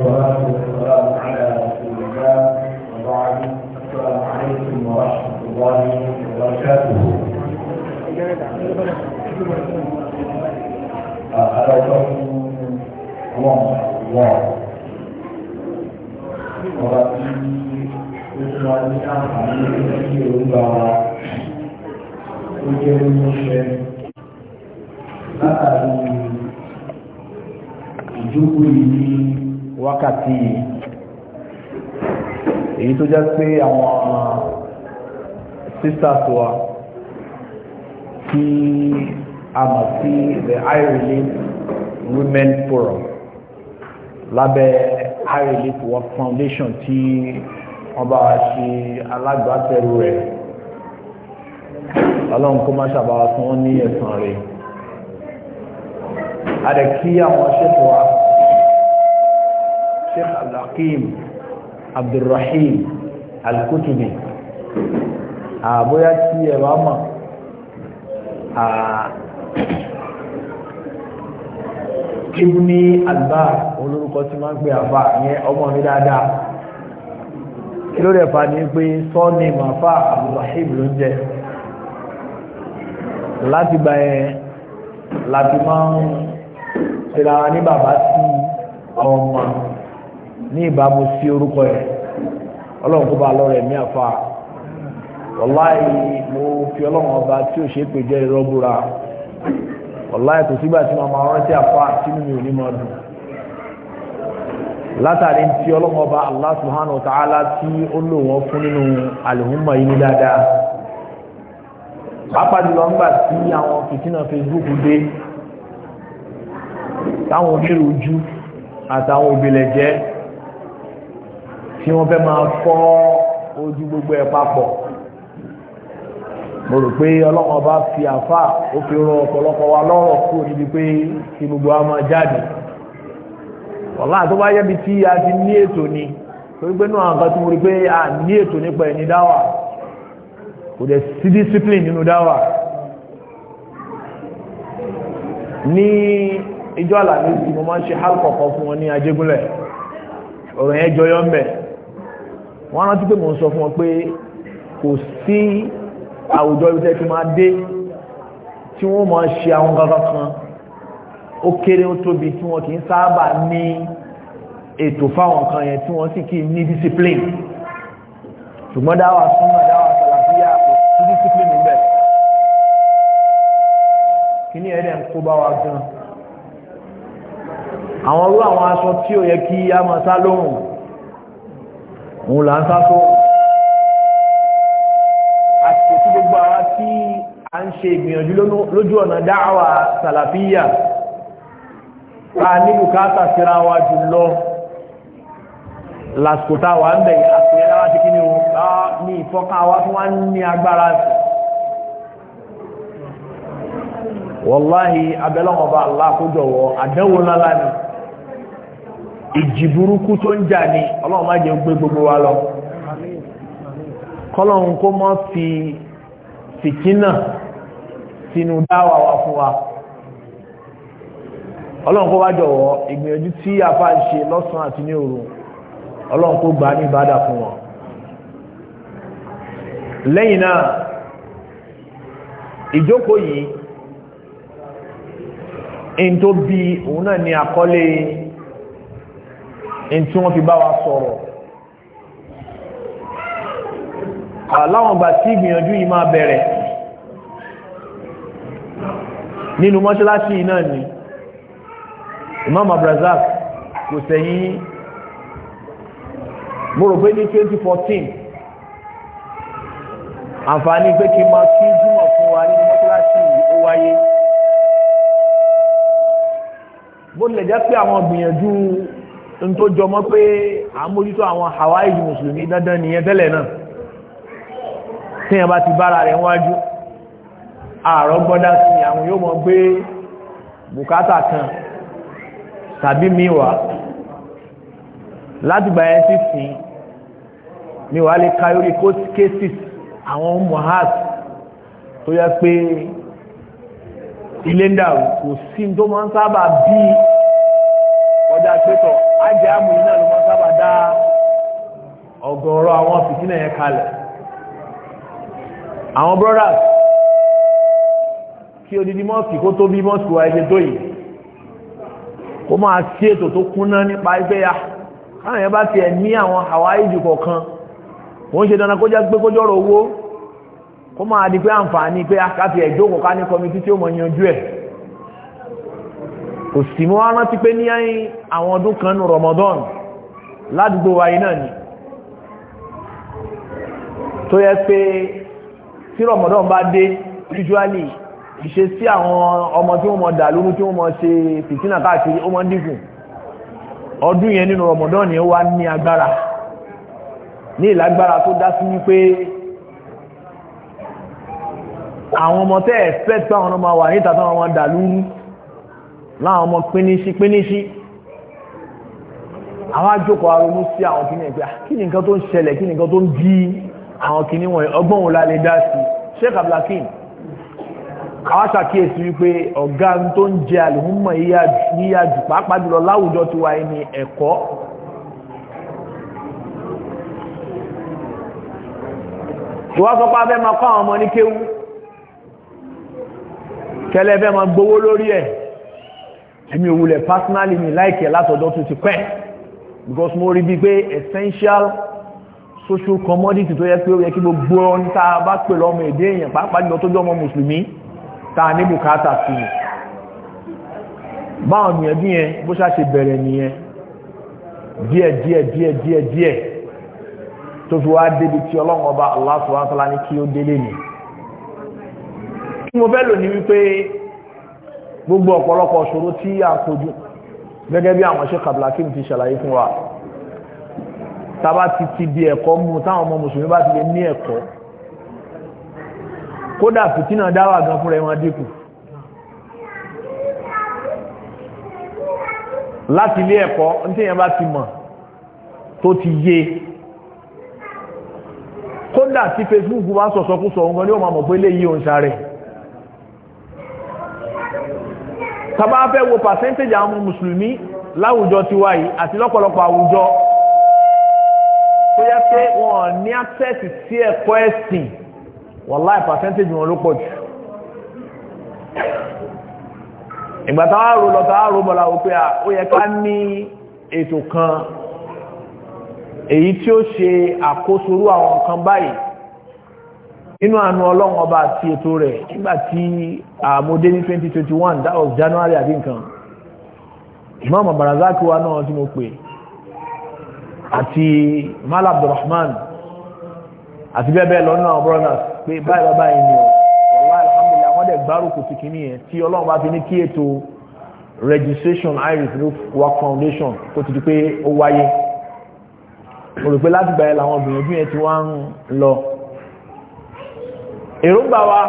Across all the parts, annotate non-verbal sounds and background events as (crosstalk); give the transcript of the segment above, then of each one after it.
والصلاة والسلام على رسول الله وبعد السلام عليكم ورحمة الله وبركاته. أهلا وسهلا الله wákàtí yìí èyí tó jẹ́ pé àwọn sisters wa tí a mọ̀ sí the high relief women forum lábẹ́ high relief work foundation tí wọ́n bá ṣe alágbàtẹ̀rù rẹ̀ ọlọ́run kó má ṣàbáwá fún wọn ní ẹ̀san rẹ̀ a dẹ̀ kí àwọn ṣètò wa sheikh alhakim abdulrahim alkutubi àbóyá tí ẹ bá mọ̀ ibni alba olórúkọ tí máa ń pè àfà yẹn ọmọ mi dáadáa kí ló rẹ̀ fa ni pé sọ́ọ̀nì màfà abdulrahim ló ń jẹ́ láti gba ẹ láti máa ń tẹ̀lé ara ní bàbá sí ọmọ ní ìbámu sí orúkọ yẹn ọlọ́run kó bá lọ́rọ̀ ẹ̀mí àfa mo fi ọlọ́run ọba tí ò ṣe é pè jẹ́ irọ́ búra kò sígbà tí màmá rántí àfa tí mi ò ní mọ dùn látàrí tí ọba Allah subhanahu ta'ala tí ó lò wọ́n fún nínú àlùhùnmọ̀ yìí ní dáadáa pàápàá jùlọ ńgbà tí àwọn fìtínà Facebook dé táwọn onírúurú àtàwọn òbílẹ̀ jẹ́ kí wọ́n fẹ́ máa fọ́ ojú gbogbo ẹ̀ papọ̀ mo rò pé ọlọ́wọ́n bá fi àfà ó fi rọ ọ̀pọ̀lọpọ̀ wa lọ́rọ̀ níbi pé kí gbogbo wa máa jáde wàhálà tó bá yẹbi tí a ti ní ètò ni torí pé náà nǹkan tó mo rí pé a ní ètò nípa dáwà kò dẹ̀ sí discipline nínú dáwà ní ìjọ mo máa ń ṣe fún wọn ní ajégúnlẹ̀ ọ̀rọ̀ yẹn jọyọ̀ wọ́n rántí pé mò ń sọ fún wọn pé kò sí àwùjọ ibi tẹ́ ti máa dé tí wọ́n máa ṣe àwọn kankan kan ó kéré ó tóbi tí wọ́n kì í sábà ní ètò fáwọn kan yẹn tí wọ́n sì kì í ní discipline ṣùgbọ́n dáwà súnmọ́ dáwà sàlàfíà kò sí discipline níbẹ̀ kí ni ẹ̀rẹ̀ ń kó bá wa gan àwọn irú àwọn aṣọ tí ó yẹ kí a máa sá lóhùn òun là ń sá tó àsìkò tí gbogbo àwa tí a ń ṣe ìgbìyànjú lójú ọ̀nà dáhàwà sàlàfíyà ta ní bùkátà síra wa jùlọ lásìkò táwa ń bẹ̀ àsìkò yẹn láwa ti kí ni o ní ìfọ́ká wa tí wọ́n ní agbára sí wàláhì abẹ́lọ́wọ̀n bá àdẹ́wò lálá ni ìjì burúkú tó ń jà ní ọlọ́run má jẹ́ gbé gbogbo wa lọ kọ́lọ́run kó mọ́ fi fìtínà sínú dáwà wa fún wa ọlọ́run kó wá jọ̀wọ́ ìgbìyànjú tí afa ń ṣe lọ́sàn-án àti ní òru ọlọ́run kó gbà á ní ìbádà fún wọn lẹ́yìn náà ìjókòó yìí ń tó bí òun náà ní àkọlé ntí wọ́n fi bá wa sọ̀rọ̀ aláwọn ìgbà tí ìgbìyànjú yìí máa bẹ̀rẹ̀ nínú mọ́ṣáláṣí yìí náà ni Imam Abrazak kò sẹ́yìn mo rò pé ní 2014 àǹfààní pé kí n máa kí jùmọ̀ fún wa nínú mọ́ṣáláṣí yìí ó wáyé bó tilẹ̀ jẹ́ pé àwọn gbìyànjú n tó jọmọ́ pé à ń mójútó àwọn hawaii mùsùlùmí dandan nìyẹn tẹ́lẹ̀ náà tí yẹn bá ti bára rẹ̀ wájú àárọ̀ gbọ́dá sí àwọn yóò mọ̀ pé bùkátà kan tàbí miwa láti gbà yẹn sí sìn miwa lè ka lórí cases àwọn mohas tó yẹ pé ilé ń dàrú kò sí tó máa ń sábà bí ọjà pẹ́tọ̀ọ́ ájá àmù yìí náà ló máa sábà dá ọ̀gọ̀ọ̀rọ̀ àwọn fìtínà yẹn kalẹ̀ àwọn brothers kí odidi mọ́ọ̀sì kó tó bí mọ́ọ̀sì wa ẹgbẹ́ tó yìí kó máa sí ètò tó kúnná nípa ẹgbẹ́ ya ah, káwọn yẹn bá tiẹ̀ ní àwọn hawaii jù kọ̀ọ̀kan wọ́n ṣe dandan kó já pé kó jọ̀rọ̀ owó kó máa di pé àǹfààní pé a ah, káfíẹ̀ jókòó ká ní kọmitì tí ó mọ̀ yanjú ẹ̀ kò sì mọ́ wá rántí pé ní àwọn ọdún kan nù Ramadan ládùúgbò wa náà ni tó yẹ pé tí Ramadan bá dé usually ìṣe sí àwọn ọmọ tí wọ́n mọ̀ dà lóru tí wọ́n mọ̀ ṣe fìtínà káàkiri ó mọ̀ dínkù ọdún yẹn nínú Ramadan ni ó wá ní agbára ní ìlágbára tó dá sí wípé àwọn ọmọ tẹ́ expect pé àwọn ọmọ wà níta táwọn ọmọ dà lóru láwọn ọmọ pínísí pínísí àwọn àjòkò aronú sí àwọn kìíní ẹgbẹ́ ah, kí ni nǹkan tó ń ṣẹlẹ̀ kí ni nǹkan tó ń bí àwọn kìíní wọ̀nyí ọgbọ́n wo la lè dá sí sheikh abdulhakeem àwọn ṣàkíyèsí wípé ọ̀gá tó ń jẹ àlùmọ́ yíyá jù pàápàá jùlọ láwùjọ ti wáyé ní ẹ̀kọ́ ìwọ́n sọ máa kọ́ àwọn ọmọ èmi òwúlẹ̀ personally mi láìkẹ̀ látọ̀dọ̀ tó ti pẹ́ because mo rí bí pé essential social commodity tó yẹ pé ó yẹ kí gbogbo ọ́n tá a bá pè lọ́mọ èdè èèyàn pàápàá jùlọ tó jọ ọmọ mùsùlùmí tá a ní bùkátà sí i báwọn gbìyànjú yẹn bó ṣáṣe bẹ̀rẹ̀ nìyẹn díẹ̀ díẹ̀ díẹ̀ díẹ̀ díẹ̀ tó fi wá débi tí ọlọ́run ọba Allah subhanahu wa ta'ala ní kí ó délé ni. mo fẹ́ lò ní wípé gbogbo ọ̀pọ̀lọpọ̀ ṣòro tí a kojú gẹ́gẹ́ bí àwọn ṣe kablakim ti ṣàlàyé fún wa tàbá ti ti di ẹ̀kọ́ mú táwọn ọmọ mùsùlùmí bá ti lè ní ẹ̀kọ́ kódà fìtínà dáwà gan fúnra wọn dínkù láti ilé ẹ̀kọ́ ní yẹn bá ti mọ̀ tó ti yé kódà tí Facebook bá sọ̀sọ́kú sọ̀ gan ní ọmọ mọ̀ pé léyìí òun sáré tàbá fẹ́ wo percentage àwọn mùsùlùmí láwùjọ ti wá yìí àti lọ́pọ̀lọpọ̀ àwùjọ tó yẹ pé wọn ní access sí ẹ̀kọ́ ẹ̀sìn wàláì percentage wọn ló pọ̀ jù ìgbà táwọn àrò lọ táwọn àrò bọ̀lá wò pé ó yẹ ká ní ètò kan èyí tí ó ṣe àkóso irú àwọn nǹkan báyìí inú àánú ọlọ́run ọba àti ètò rẹ̀ nígbà tí àmọ́dé ní 2021 that was January àbí nǹkan Imam Barazaki wa náà tí mo pè àti Mala Abdulrahman àti bẹ́ẹ̀ bẹ́ẹ̀ lọ́nà brothers pé báyìí bàbá yìí ni ọ̀la alhamdulilayi wọ́n dẹ̀ gbárùkù ti kìíní yẹn tí ọlọ́run bá fi ní kí ètò registration iris roof work foundation kó ti di pé ó wáyé mo rò pé láti gbà yẹn làwọn obìnrin ojú yẹn ti wá ń lọ èròǹgbà wa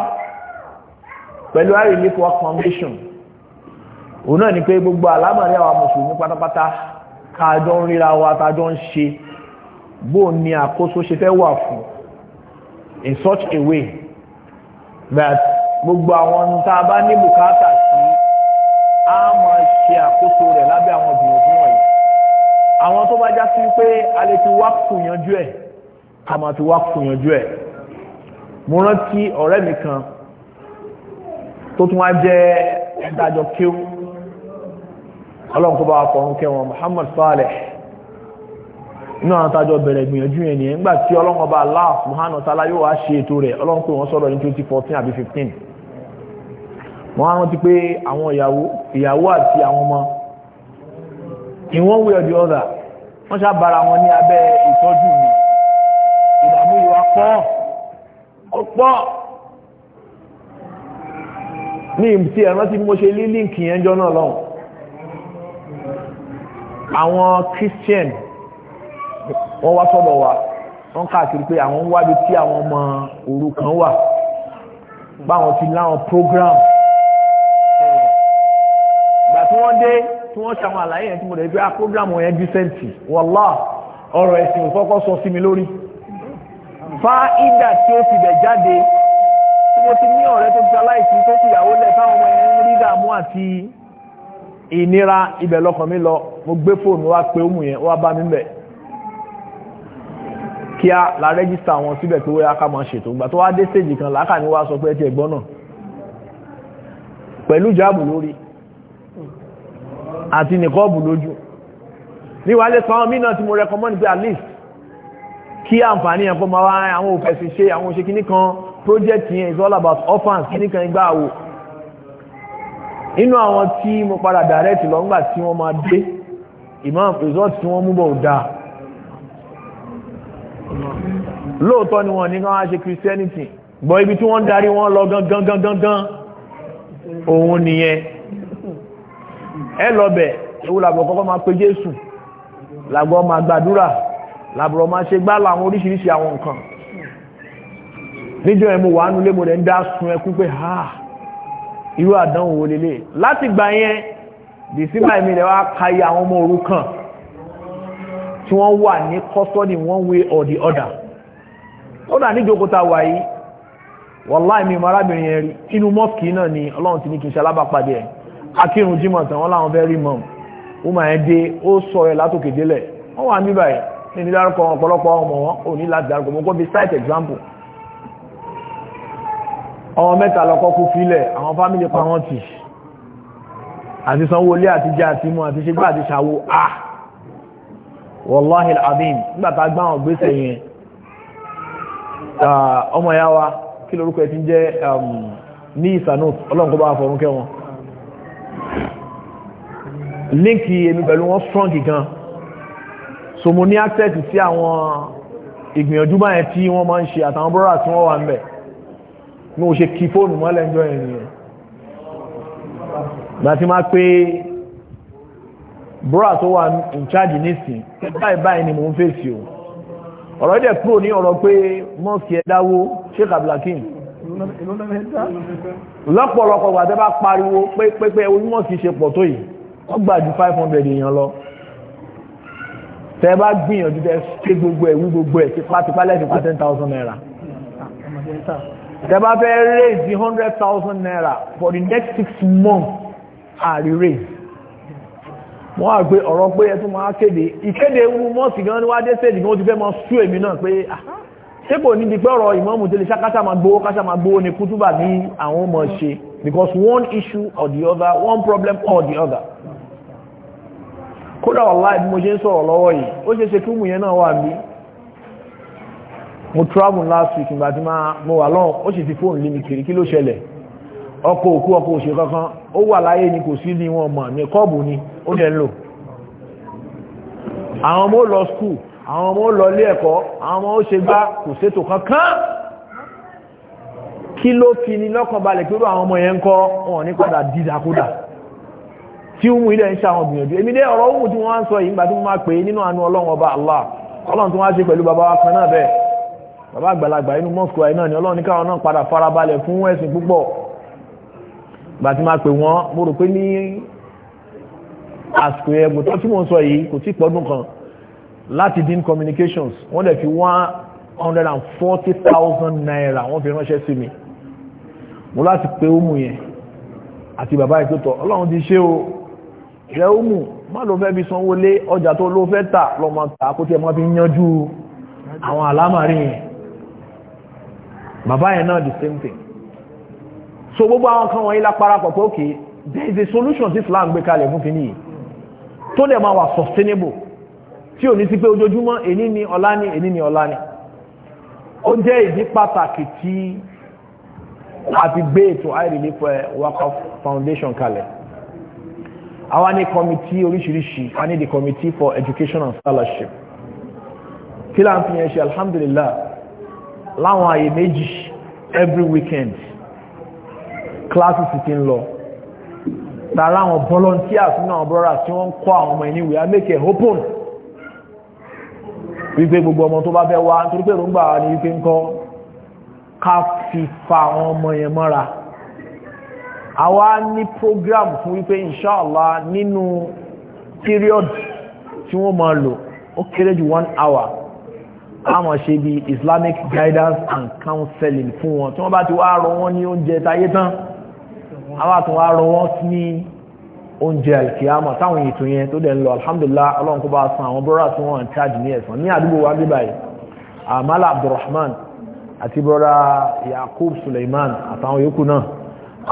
pẹ̀lú àrílé for foundation òun náà ni pé gbogbo àlámọ̀rí àwa mùsùlùmí pátápátá káàjọ ń ríra wa tàjọ ń ṣe bó ní àkóso ṣe fẹ́ wà fún in such a way that gbogbo àwọn tá a bá ní bùkátà sí a máa ṣe àkóso rẹ̀ lábẹ́ àwọn gbìyànjú wọ̀nyí àwọn tó bá já sí pé a lè ti wá kù yanjú ẹ̀ a máa ti wá kù yanjú ẹ̀ mo rántí ọ̀rẹ́ mi kan tó tún wá jẹ́ ẹ̀dájọ́ kíw ọlọ́run kó bá wa fọ̀run kẹwọn Muhammad Saleh inú àwọn tájọ bẹ̀rẹ̀ gbìyànjú yẹn nìyẹn nígbà tí ọlọ́run ọba Allah Subhanahu wa ta'ala yóò wá ṣe ètò rẹ̀ ọlọ́run pé sọ̀rọ̀ ní twenty fourteen àbí fifteen wọ́n á rántí pé àwọn ìyàwó ìyàwó àti àwọn ọmọ in one way or the other wọ́n ṣá bára wọn ní abẹ́ ìtọ́jú mi ìdààmú ìwà pọ́ọ̀ ọ̀pọ̀ ní ìmùtí ẹ̀rán tí mo ṣe lí líǹkì yẹn jọ náà lọ́hùn àwọn Christian wọ́n wá sọ́dọ̀ wa wọ́n káàkiri pé àwọn wábi tí àwọn ọmọ òrukàn wà báwọn ti láwọn program ìgbà tí wọ́n dé tí wọ́n ṣàwọn àlàyé yẹn tí mo rẹ̀ bí i program yẹn dísẹ́ǹtì wọ́lá ọ̀rọ̀ ẹ̀sìn ò sí mi lórí fáídà tí ó ti bẹ̀ jáde tí mo ti ní ọ̀rẹ́ tó ti aláìsí tó ti yàwó lẹ̀ táwọn ọmọ ẹ̀ ń rí dààmú àti ìnira ibẹ̀ lọkàn mi lọ mo gbé fóònù wa pé ó mú yẹn wá bá mi bẹ̀ kíá la rẹ́gísítà wọn síbẹ̀ tó wáyá ká máa ṣètò ìgbà tó wá dé stéèjì kan làákà ni wá sọ pé ẹ ti ẹ̀gbọ́n náà pẹ̀lú jáàbù lórí àti nìkọ́ọ̀bù lójú ní wàá lè pa àwọn mí náà tí mo rẹkọmọ́ni pé at least kí àǹfààní yẹn fún ma wá àwọn òfẹ̀sìn ṣe àwọn òṣèkí nìkan project yẹn is all about orphans nìkan igbá àwò inú àwọn tí mo padà direct lọ ńgbà tí wọ́n máa dé imam result tí wọ́n múbọ̀ dá lóòótọ́ ni wọ́n ní kán wá ṣe christianity gbọ́ ibi tí wọ́n darí wọ́n lọ gangan òun nìyẹn ẹ lọ bẹ̀ ewu làgbọ̀ kọ́kọ́ máa pe Jésù làgbọ̀ máa gbàdúrà làbúrò máa ṣe gbá láwọn oríṣiríṣi àwọn nǹkan níjọ́ ẹ̀mú wà nulé mo rẹ̀ ń dá sun ẹkún pé ha irú àdánwò wo lélẹ̀ láti gbà yẹn dìsímà èmi rẹ̀ wá kayé àwọn ọmọ òrukàn tí wọ́n wà ní custody one way or the other ó dà níjọ́ òkúta wà yìí wàláì mi arábìnrin yẹn rí inú mọ́ọ̀kì náà ni ọlọ́run ti ní kí n ṣe alábàápàdé ẹ̀ akírun jimoh tán wọn láwọn fẹ́ rí mọ́ ọ́n ó máa dé ó sọ ẹ̀ látòkè délẹ̀ wọ́n wà níbàyẹn ní dárúkọ ọ̀pọ̀lọpọ̀ ọmọ wọn ò ní láti dárúkọ mọ́ kó bí site example ọmọ mẹ́ta lọ́kọ́ kú fílẹ̀ àwọn fámìlì pa wọ́n tì àti sanwó-olé àti jẹ́ àti mú àti ṣégbà àti ṣàwó à wọ́láhìl abim nígbàtà gbá àwọn gbèsè yẹn uh, ọmọ ya wa kí lórúkọ ẹ̀ ti jẹ́ um, ní ìsànú ọlọ́run kó bá fọrún kẹ́ wọn líǹkì èmi pẹ̀lú wọn strong gan so mo ní access sí àwọn ìgbìyànjú báyẹn tí wọ́n máa ń ṣe àtàwọn brọ́dà tí wọ́n wà ń bẹ̀ ní o ṣe kí fóònù mọ́lẹ̀ ń jọ yẹn nìyẹn gbà tí máa pé brọ́dà tó wà in charge nísìn báyìí báyìí ni mò ń fèsì o ọ̀rọ̀ dẹ̀ kúrò ní ọ̀rọ̀ pé mọ́ọ̀sì ẹ̀dáwó sheikh abdulhakeem lọ́pọ̀lọpọ̀ gbà tẹ́ bá pariwo pé pé pé ṣe pọ̀ tó yìí wọ́n gbà ju five hundred èèyàn lọ tẹ bá gbìyànjú tẹ ké gbogbo ẹ wú gbogbo ẹ tipátipá lẹ́sìn pa ten thousand naira tẹ bá fẹ́ raise the hundred thousand naira for the next six months àrí raise wọ́n á gbé ọ̀rọ̀ pé ẹtún máa kéde ìkéde ewu mọ́ọ̀sì gan wá dé stage gan ó ti fẹ́ mọ sú èmi náà pé sépò ah, níbi pé ọ̀rọ̀ ìmọ̀ọ́mù tẹ́lẹ̀ ṣákátà máa gbowó káṣá máa gbowó ni kútúbà ní àwọn ọmọ ṣe because one issue or the other one problem or the other. kódà wàláhì bí mo ṣe ń sọ̀rọ̀ lọ́wọ́ yìí ó ṣe ṣe kí mú yẹn náà wà mo travel last week ìgbà tí mo wà lọ́hùn ó ti fóònù lé mi kiri kí ló ṣẹlẹ̀ ọkọ̀ òkú ọkọ̀ o kankan ó wà ni kò sí wọn mọ̀ ní kọ́ọ̀bù ni ó dẹ̀ ń lò àwọn ọmọ ó lọ skul àwọn ọmọ ó lọ ilé ẹ̀kọ́ àwọn ọmọ ó ṣe gbá kò sétò kankan kí ló fi ọmọ yẹn ń kọ́ wọn tí ó mú ilé ń ṣe àwọn gbìyànjú èmi dé ọ̀rọ̀ òun tí wọ́n ń sọ yìí nígbà tí mo máa pè é nínú àánú ọlọ́run ọba Allah ọlọ́run tí wọ́n á ṣe pẹ̀lú bàbá wa kan náà bẹ́ẹ̀ bàbá àgbàlagbà inú mọ́sùkù àìná ni ọlọ́run ní káwọn náà padà farabalẹ̀ fún ẹ̀sìn púpọ̀ ìgbà tí máa pè wọ́n mo rò pé ní àsìkò ẹ̀bùn tó tí mo ń sọ yìí kò tí pọ́dún kan láti dín communications wọ́n dẹ̀ fi one hundred and forty thousand naira wọ́n fi ránṣẹ́ sí mi mo láti pe ó mú yẹn rẹ̀ ó mù má ló fẹ́ bí sanwó lé ọjà tó ló fẹ́ tà lọ́mọ tà tí ẹ mọ́ fi yanjú àwọn àlámàrí yẹn bàbá yẹn náà the same thing so gbogbo àwọn kan wọ̀nyí láparapọ̀ pé okay there is a solution tí Islam gbé kalẹ̀ fún kìíní yìí tó dẹ̀ máa wà sustainable tí ò ní sí pé ojoojúmọ́ èní ni ọ̀la ni èní ni ọ̀la ni ó jẹ́ ìdí pàtàkì tí a ti gbé ètò àìrìlẹ́pẹ̀ eh, Waqf Foundation kalẹ̀ àwa ní kọmití oríṣiríṣi a ní the committee for education and scholarship kí là ń fi alhamdulillah láwọn àyè méjì every weekend classes ti ń lọ tààrà àwọn volunteers nínú àwọn brothers tí wọ́n ń kọ́ àwọn ọmọ ẹni we are make it open wípé gbogbo ọmọ tó bá fẹ́ wá nítorí pé èròǹgbà ni wípé ń kọ́ ká fi fa àwọn ọmọ yẹn mọ́ra àwa ní program fún wípé inshallah nínú period tí wọ́n máa lò ó kéré jù one hour a máa ṣe bí islamic guidance and counseling fún wọn tí wọ́n bá ti wá rọ wọ́n ní oúnjẹ táyé tán àwa tún wá rọ wọ́n ní oúnjẹ alkiyama táwọn ètò yẹn tó dẹ̀ ń lọ alhamdulillah ọlọ́run kó bá san àwọn bọ́rọ̀ tí wọ́n ń charge ní ẹ̀sán ní àdúgbò wa bíbáyìí amala abdulrahman àti bọ́rọ̀ yakub suleiman àtàwọn yòókù náà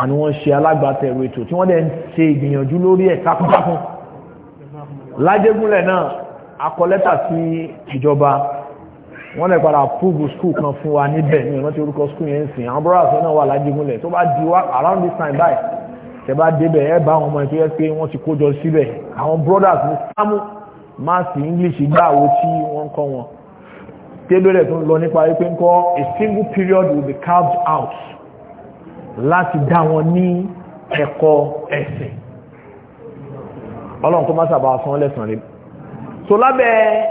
àni wọ́n ṣe alágbàtẹ̀rù ètò tí wọ́n dẹ̀ ń ṣe ìgbìyànjú lórí ẹ̀ takuntakun lájégúnlẹ̀ náà akọlẹ́tà sí ìjọba wọ́n lè padà púùbù skul kan fún wa níbẹ̀ ní ìrántí orúkọ skul yẹn ń sìn àwọn brothers náà wà lájégúnlẹ̀ tó bá di wá around this time báyìí tẹ bá débẹ̀ ẹ bá àwọn ọmọ ẹ̀ tó yẹ pé wọ́n ti kójọ síbẹ̀ àwọn brothers ní sámú máàsì english gbáàwó tí wọ́n kọ́ wọn tébẹ̀rẹ̀ tó ń lọ nípa wípé ń kọ́ a single period will be carved out láti dá wọn ní ẹ̀kọ́ ẹ̀sìn ọlọ́run kó má sàbà san lẹ́sàn rí so lábẹ́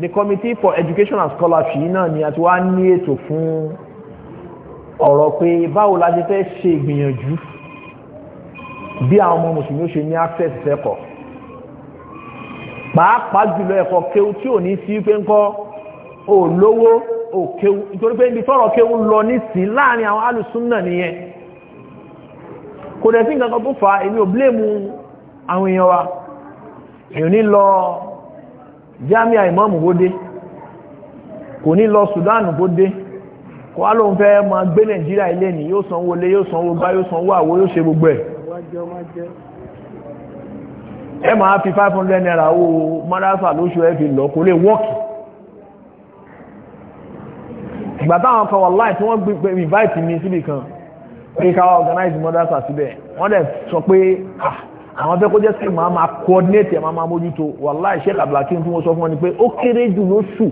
the committee for education and scholarship náà ni a ti wá ní ètò fún ọ̀rọ̀ pé báwo la ṣe fẹ́ ṣe ìgbìyànjú bí àwọn ọmọ mùsùlùmí ó ṣe ní access ẹ̀kọ́ pàápàá jùlọ ẹ̀kọ́ kéwú tí ò ní sí pé ń kọ́ ò lówó ò kéwú nítorí pé ibi tọ́rọ̀ kéwú lọ nísìn láàrin àwọn alùsùn náà nìyẹn kò dẹ̀ sí nǹkan kan tó fa èmi ò bléèmù àwọn èèyàn wa èèyàn ní lọ Jamiu Imam bóde kò ní lọ Sudan bóde kò wá lóun fẹ́ máa gbé Nàìjíríà ilé ní yóò sanwó lé yóò sanwó gbá yóò sanwó àwo yóò ṣe gbogbo ẹ̀ ẹ máa fi 500 naira owó mọ́ráfà lóṣù ẹ fi lọ kò lè wọ́kì ìgbà táwọn kan wà láì tí wọ́n gbé invite mi síbì kan pé káwá organize mọ́dásà síbẹ̀ wọ́n dẹ̀ sọ pé ah, àwọn fẹ́ kó jẹ́ sí màá máa coordinate ẹ̀ máa máa mójútó wàláì Sheikh Abdulhakeem tí mo sọ fún ọ ni pé ó kéré jù lóṣù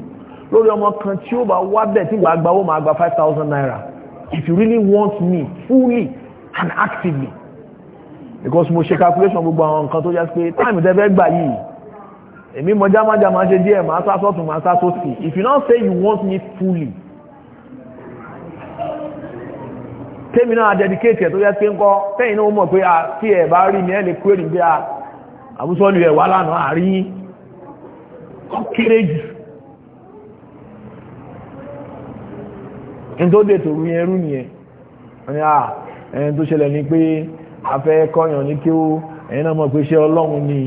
lórí ọmọ kan tí ó bá wá bẹ̀ tí màá gba owó màá gba five thousand naira if you really want me fully and actively because mo ṣe calculation gbogbo àwọn nǹkan tó jẹ́ pé time tẹ́ fẹ́ gbà yìí èmi mọ jámájá máa ṣe díẹ̀ màá sá sọ́tún màá sá sósì if you now say you want me fully tẹ́mi náà dedicate ẹ̀ tó yẹ pé ń kọ́ tẹ́yìn náà mọ̀ pé a tí ẹ̀ bá rí ní ẹ̀lẹ́ kwérì bí a àbúsọ́ ni ẹ̀ wà lánàá àrí kéré jù ní tó dé yẹn rú nìyẹn ẹni tó ṣẹlẹ̀ ni pé afẹ́ kọ́yàn ní kí ó ẹ̀yìn náà pé iṣẹ́ ọlọ́run ni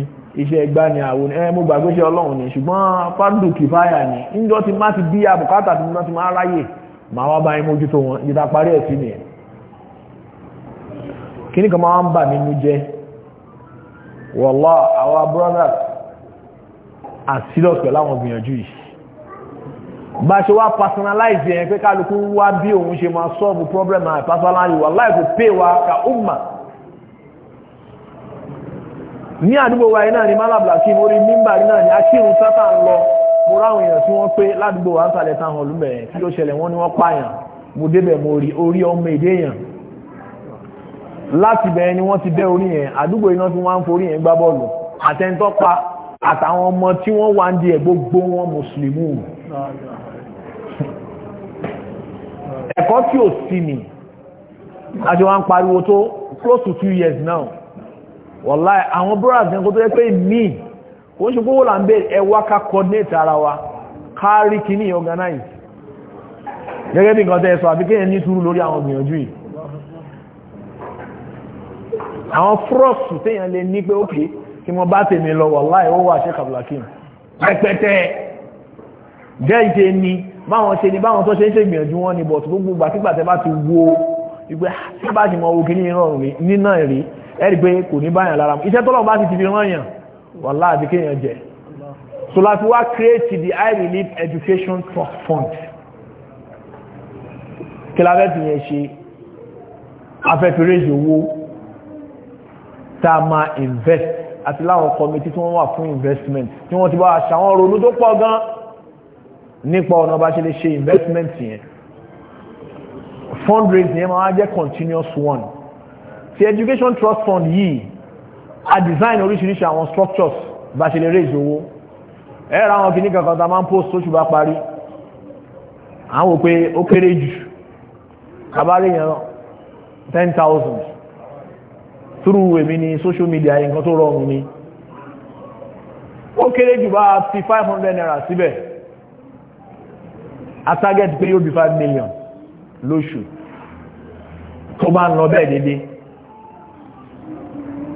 iṣẹ́ ẹgbá ni àwọn pé iṣẹ́ ọlọ́run ni ṣùgbọ́n ni ti má ti bí tí ti kini kama máa ń nínú awa àwọn brothers are serious pẹ̀lú àwọn gbìyànjú yìí bá personalize yẹn pé kálukú wá bí òun ṣe máa solve problem náà personalize wà láìkò pay wa ka umma ní àdúgbò wa náà ni malabla kí mo rí mímbà náà ni akírun sátà ń lọ mo ráwọn èèyàn tí wọ́n pé ládùúgbò wa ń sàlẹ̀ sáhàn ṣẹlẹ̀ wọ́n wọ́n pààyàn mo débẹ̀ mo rí orí ọmọ èdè èèyàn láti bẹ̀rẹ̀ ni wọ́n ti dẹ́ orí yẹn àdúgbò iná tí wọ́n ń forí yẹn gbá bọ́ọ̀lù àtẹ̀ntọ́pa àtàwọn ọmọ tí wọ́n wà ń di ẹ̀ gbogbo wọn mùsùlùmí ẹ̀kọ́ tí ò sí ni àti wọ́n ń pariwo tó close to two years now wọ̀láì àwọn brothers yẹn kó tó yẹ pé mí kò ń ṣe kówó là ń bẹ ẹwà ká coordinate ara wa ká kíní organize gẹ́gẹ́ bí nǹkan tẹ́ sọ àbíkẹ́yẹn ní túrú lórí àwọn gbìyànjú yìí àwọn fúrọ́ọ̀sì téèyàn lè ní pé ókè kí mo bá tèmi lọ wàláhì ó wà Sheikh Abdulhakeem pẹpẹtẹ jẹ́ ìṣe ni báwọn ṣe ni báwọn tó ṣe ń ṣe gbìyànjú wọn ni bọ̀ tó gbogbo gbà kígbà tẹ bá ti wo ìgbé ah, tí bá ti mọ ogi ní ìrọ̀rùn rí nínà rí ẹ̀rí pé kò ní báyàn lára iṣẹ́ tọ́lọ̀ bá ti fi rán yàn wàláhì kéèyàn jẹ so láti wá create the high relief education trust fund kí la fẹ́ fi yẹn ṣe afẹ́fẹ́rẹ́ ìṣòwò tá a máa invest àti láwọn committee tí wọ́n wà fún investment tí wọ́n ti bá aṣàwọn ronú tó pọ̀ gan nípa ọ̀nà bá ṣe lè ṣe investment yẹn fundraising yẹn máa jẹ́ continuous one ti education trust fund yìí a design oríṣiríṣi àwọn structures bá ṣe lè raise owó ẹ̀rọ àwọn kìíní kankan tá a máa ń post oṣù bá parí àwọn ò pé ó kéré jù kábàárẹ̀ yẹn ten thousand through èmi ni social media nǹkan tó rọrùn ni ó kéré jù bá fi five hundred naira síbẹ̀ a target pé yóò bí five million lóṣù tó bá ń lọ bẹ́ẹ̀ dédé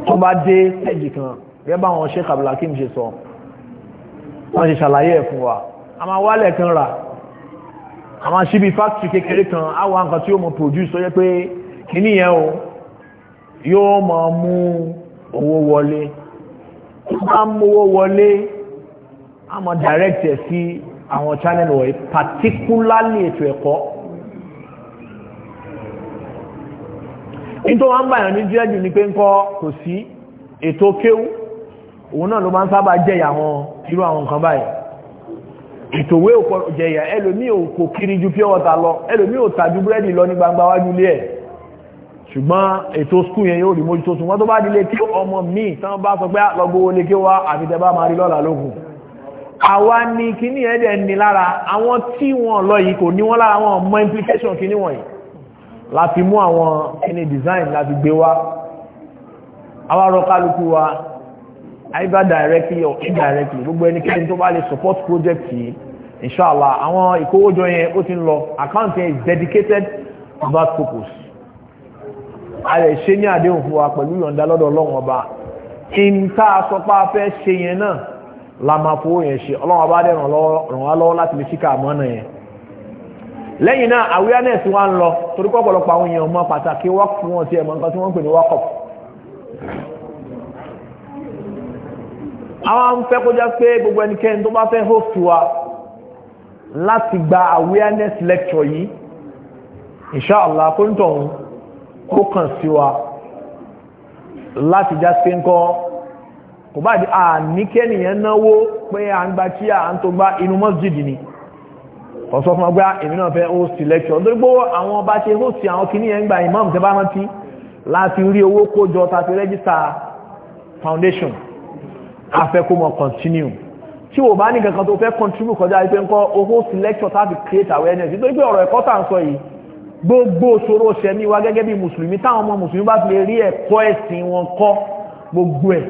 tó bá dé stage kan yẹ bá wọn Sheikh Abdulhakeem ṣe sọ wọ́n ṣe ṣàlàyé ẹ̀ fún wa a máa wálẹ̀ kan rà a máa ṣíbi factory kékeré kan á wá nǹkan tí ó mọ produce ó yẹ pé kíní yẹn o yóò máa mú owó wọlé tó mówó wọlé a máa direct ẹ̀ sí àwọn channel wọ̀nyí particularly ètò ẹ̀kọ́ nítorí wọn bá yàn ní jẹ́jù ní pé ńkọ́ kò sí ètò kéwú òun náà ló máa ń sábà jẹ̀yà àwọn irú àwọn nǹkan báyìí ìtòwé òpọ̀ jẹ̀yà ẹlòmíì ò kò kiri ju pure water lọ ẹlòmíì ò tà búrẹ́dì lọ ní gbangba wájú ilé ẹ̀ ṣùgbọ́n ètò skul yẹn yóò rí mójútó tún wọ́n tó bá dilé kí ọmọ míì tán bá sọ pé ah, lọ́gbọ́ olè kí wá àti tẹ bá máa rí lọ́la lókun àwa ni kíní yẹn dẹ̀ lára àwọn tí wọ́n lọ yìí kò ní wọ́n lára wọn mọ implication kíní wọ̀nyí láti mú àwọn kíní design láti gbé wá àwa rọ kálukú wa either directly or indirectly gbogbo ẹnikẹ́ni tó bá lè support project yìí inshallah àwọn ìkówójọ yẹn ó ti ń lọ account yẹn is dedicated to that purpose a lè ṣe ní àdéhùn fún wa pẹ̀lú yọ̀ǹda lọ́dọ̀ ọlọ́run ọba in tá a sọ pé a fẹ́ ṣe yẹn náà la máa fowó yẹn ṣe ọlọ́run ọba dẹ̀ ràn wá lọ́wọ́ láti lè ṣíkà àmọ́ yẹn lẹ́yìn náà awareness wa ń lọ torí pọ̀pọ̀lọpọ̀ àwọn èèyàn mọ pàtàkì wákùú wọn ti ẹ̀mọ́ nǹkan tí wọ́n ń pè ní wákọ̀p àwọn afẹ́ kó já pé gbogbo ẹnikẹ́ni tó bá fẹ́ host wa láti gba awareness lecture yìí inshallah kó ń tọ̀hún kó kàn sí wa láti já sí ńkọ́ kò bá di àníkẹ́nìyàn náwó pé à ń gba tí à ń tó gbá inú mọ́sídìí ni ọ̀sọ́ fún ọgbá èmi náà fẹ́ host lecture nítorí gbówó àwọn ọba ṣe host àwọn kìíní yẹn gba imam tẹ bá rántí láti rí owó kójọ tàbí register foundation afẹ́kọ́mọ continue tí o bá ní kankan tó fẹ́ contribute kọjá ipé ńkọ́ o host lecture tàbí create awareness nítorí pé ọ̀rọ̀ ẹ̀kọ́ tà ń sọ yìí gbogbo òṣòro ṣẹ̀mí wa gẹ́gẹ́ bí mùsùlùmí táwọn ọmọ mùsùlùmí bá fi lè rí ẹ̀kọ́ ẹ̀sìn wọn kọ́ gbogbo ẹ̀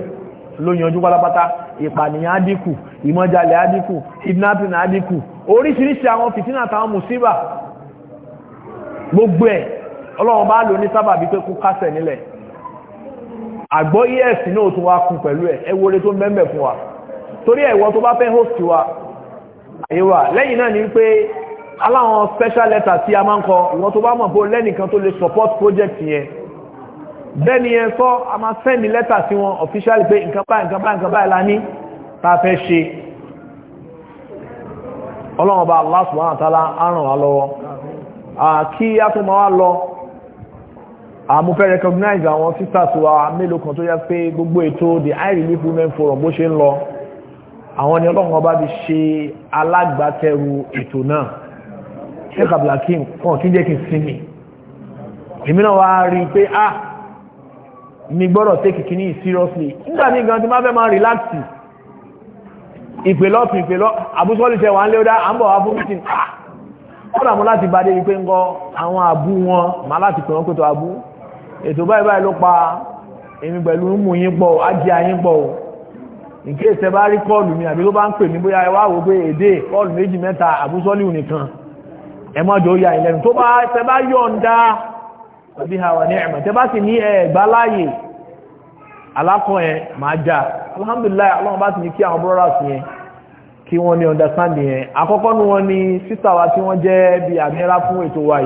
ló yanjú pátápátá ìpànìyàn àdínkù ìmọ̀jalẹ̀ àdínkù kidnapping àdínkù oríṣiríṣi àwọn fìtínà àtàwọn mùsíbà gbogbo ẹ̀ ọlọ́run bá lò ní sábàbí pé kú kásẹ̀ nílẹ̀ àgbọ́yé ẹ̀sìn náà tún wá kún pẹ̀lú ẹ̀ ẹ wọlé tó mẹ́mẹ́ fún wa torí ẹ̀wọ́ tó bá fẹ́ host wa àyè wa lẹ́yìn náà ni pé aláwọn special letter tí a máa ń kọ ìwọ́n tó bá mọ̀ bó lẹ́nìkan tó lè support project yẹn bẹ́ẹ̀ ni yẹn sọ a máa send letter sí wọn officially pé nǹkan báyìí nǹkan báyìí nǹkan báyìí la ní ta fẹ́ ṣe ọlọ́run ọba Allah subhanahu wa ta'ala á ràn wá lọ́wọ́ kí á tó máa wá lọ àmú fẹ́ recognize àwọn sisters wa mélòó kan tó yá pé gbogbo ètò the high relief women forum bó ṣe ń lọ àwọn ni ọlọ́run ọba ti ṣe alágbàtẹrù ètò náà sheikh abdulhakeem wọn kí jẹ́ kí n sinmi èmi náà wá rí pé ah mi gbọ́dọ̀ take kìíní seriously nígbà míì gan tí máa fẹ́ máa relax ìpèlọ́ fún ìpèlọ́ àbúsọ́lù ṣe wà ń lé ó dá à ń bọ̀ wá fún meeting ah kọ́dà mú láti bá dé wípé ń gọ́ àwọn àbú wọn má láti pè wọ́n pé tó àbú ètò báyìí báyìí ló pa èmi pẹ̀lú ń mú yín pọ̀ ájí ayín pọ̀ o nìké bá rí kọ́ọ̀lù mi àbí ló bá ń pè mí bóyá ẹ wá wò pé èdè kọ́ọ̀lù méjì mẹ́ta àbúsọ́lù nìkan ẹmọ́jọ́ ya ìlẹ́nu tó bá tẹbá yọ̀ǹda àbí àwọn ní ẹ̀mọ̀ tẹbá sì ní ẹ̀gbá láàyè alákùn ẹ̀ máa já alhamdulillah ọlọ́run bá sì ní kí àwọn brothers yẹn kí wọ́n ní understanding yẹn àkọ́kọ́ nu wọn ni sister wa tí wọ́n jẹ́ bí àmìlá fún ètò wa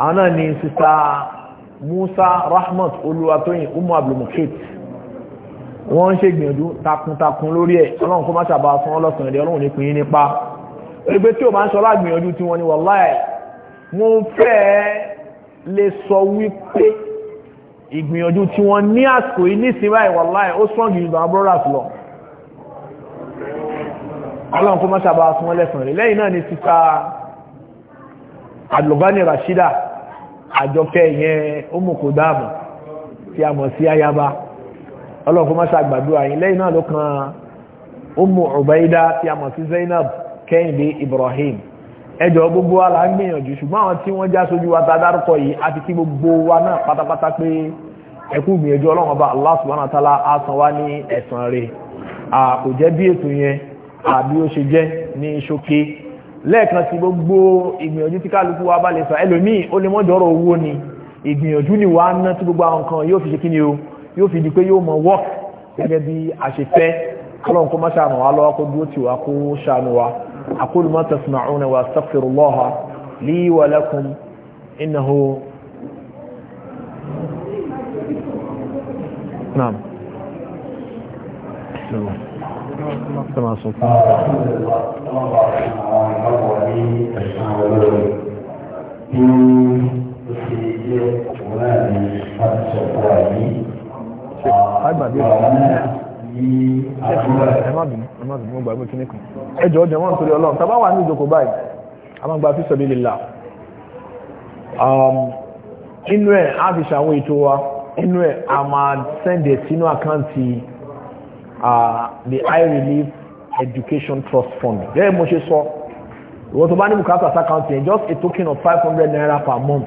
àwọn náà ni sister Musa Rahmat Olúwatóyìn umu abdulmukit wọ́n ń ṣègbìyànjú takuntakun lórí ẹ̀ ọlọ́run kó má ṣàbà fún ọlọ́sàn ẹ̀dẹ̀ ọlọ́run ní nípa ẹgbẹ́ tí o máa ń sọ lágbìyànjú tí wọ́n ní wàláì mo fẹ́ lè sọ wípé ìgbìyànjú tí wọ́n ní àsìkò yìí nísìnyí báyìí wàláì ó sàn jù ìgbà brothers lọ ọlọ́run kó mọ́ṣà bá fún ọlẹ́sàn rẹ̀ lẹ́yìn náà ni sísá àlùbáni Rashida àjọkẹ́ ìyẹn ọmọkò dáàmù tí a mọ̀ sí ayaba ọlọ́run kó mọ́ṣà gbàdúrà yìí lẹ́yìn náà ló kan Ummu Ubaida tí a mọ̀ sí Zainab kẹ́hìndé ibrahim ẹjọ́ gbogbo wa la ń gbìyànjú ṣùgbọ́n àwọn tí wọ́n já sójú wa ta dárúkọ yìí àti kí gbogbo wa náà pátápátá pé ẹkú gbìyànjú ọlọ́run ọba allah subhanahu wa ta'ala á san wá ní ẹ̀san rẹ̀ kò jẹ́ bí ètò yẹn àbí ó ṣe jẹ́ ní ṣókè lẹ́ẹ̀kan sí gbogbo ìgbìyànjú tí kálukú wa bá lè sọ ẹlòmíì ó lè mọ́jọ́rọ̀ owó ni ìgbìyànjú ni wàá ná tí gbogbo àwọn nǹkan yóò fi ṣe kí ni o yóò fi di pé yóò mọ wọ́ọ̀kì gẹ́gẹ́ bí a ṣe fẹ́ kó má ṣàánú wa lọ́wọ́ kó dúró tì wá kó ṣàánú wa أقول ما تسمعون وأستغفر الله لي ولكم إنه نعم كما Ai, Babi. ẹ má dùn ẹ wọn nítorí Ọlọ́run tá wà ní ìjókòó báyìí a máa gba fíṣọ líle là inú ẹ á fi ṣàwọn ètò wa inú ẹ a máa send ẹ sínú àkáǹtì the high relief education trust fund bẹ́ẹ̀ mo ṣe sọ ìwọ́n tó bá ní bùkátà account ẹ̀ just a token of five hundred naira per month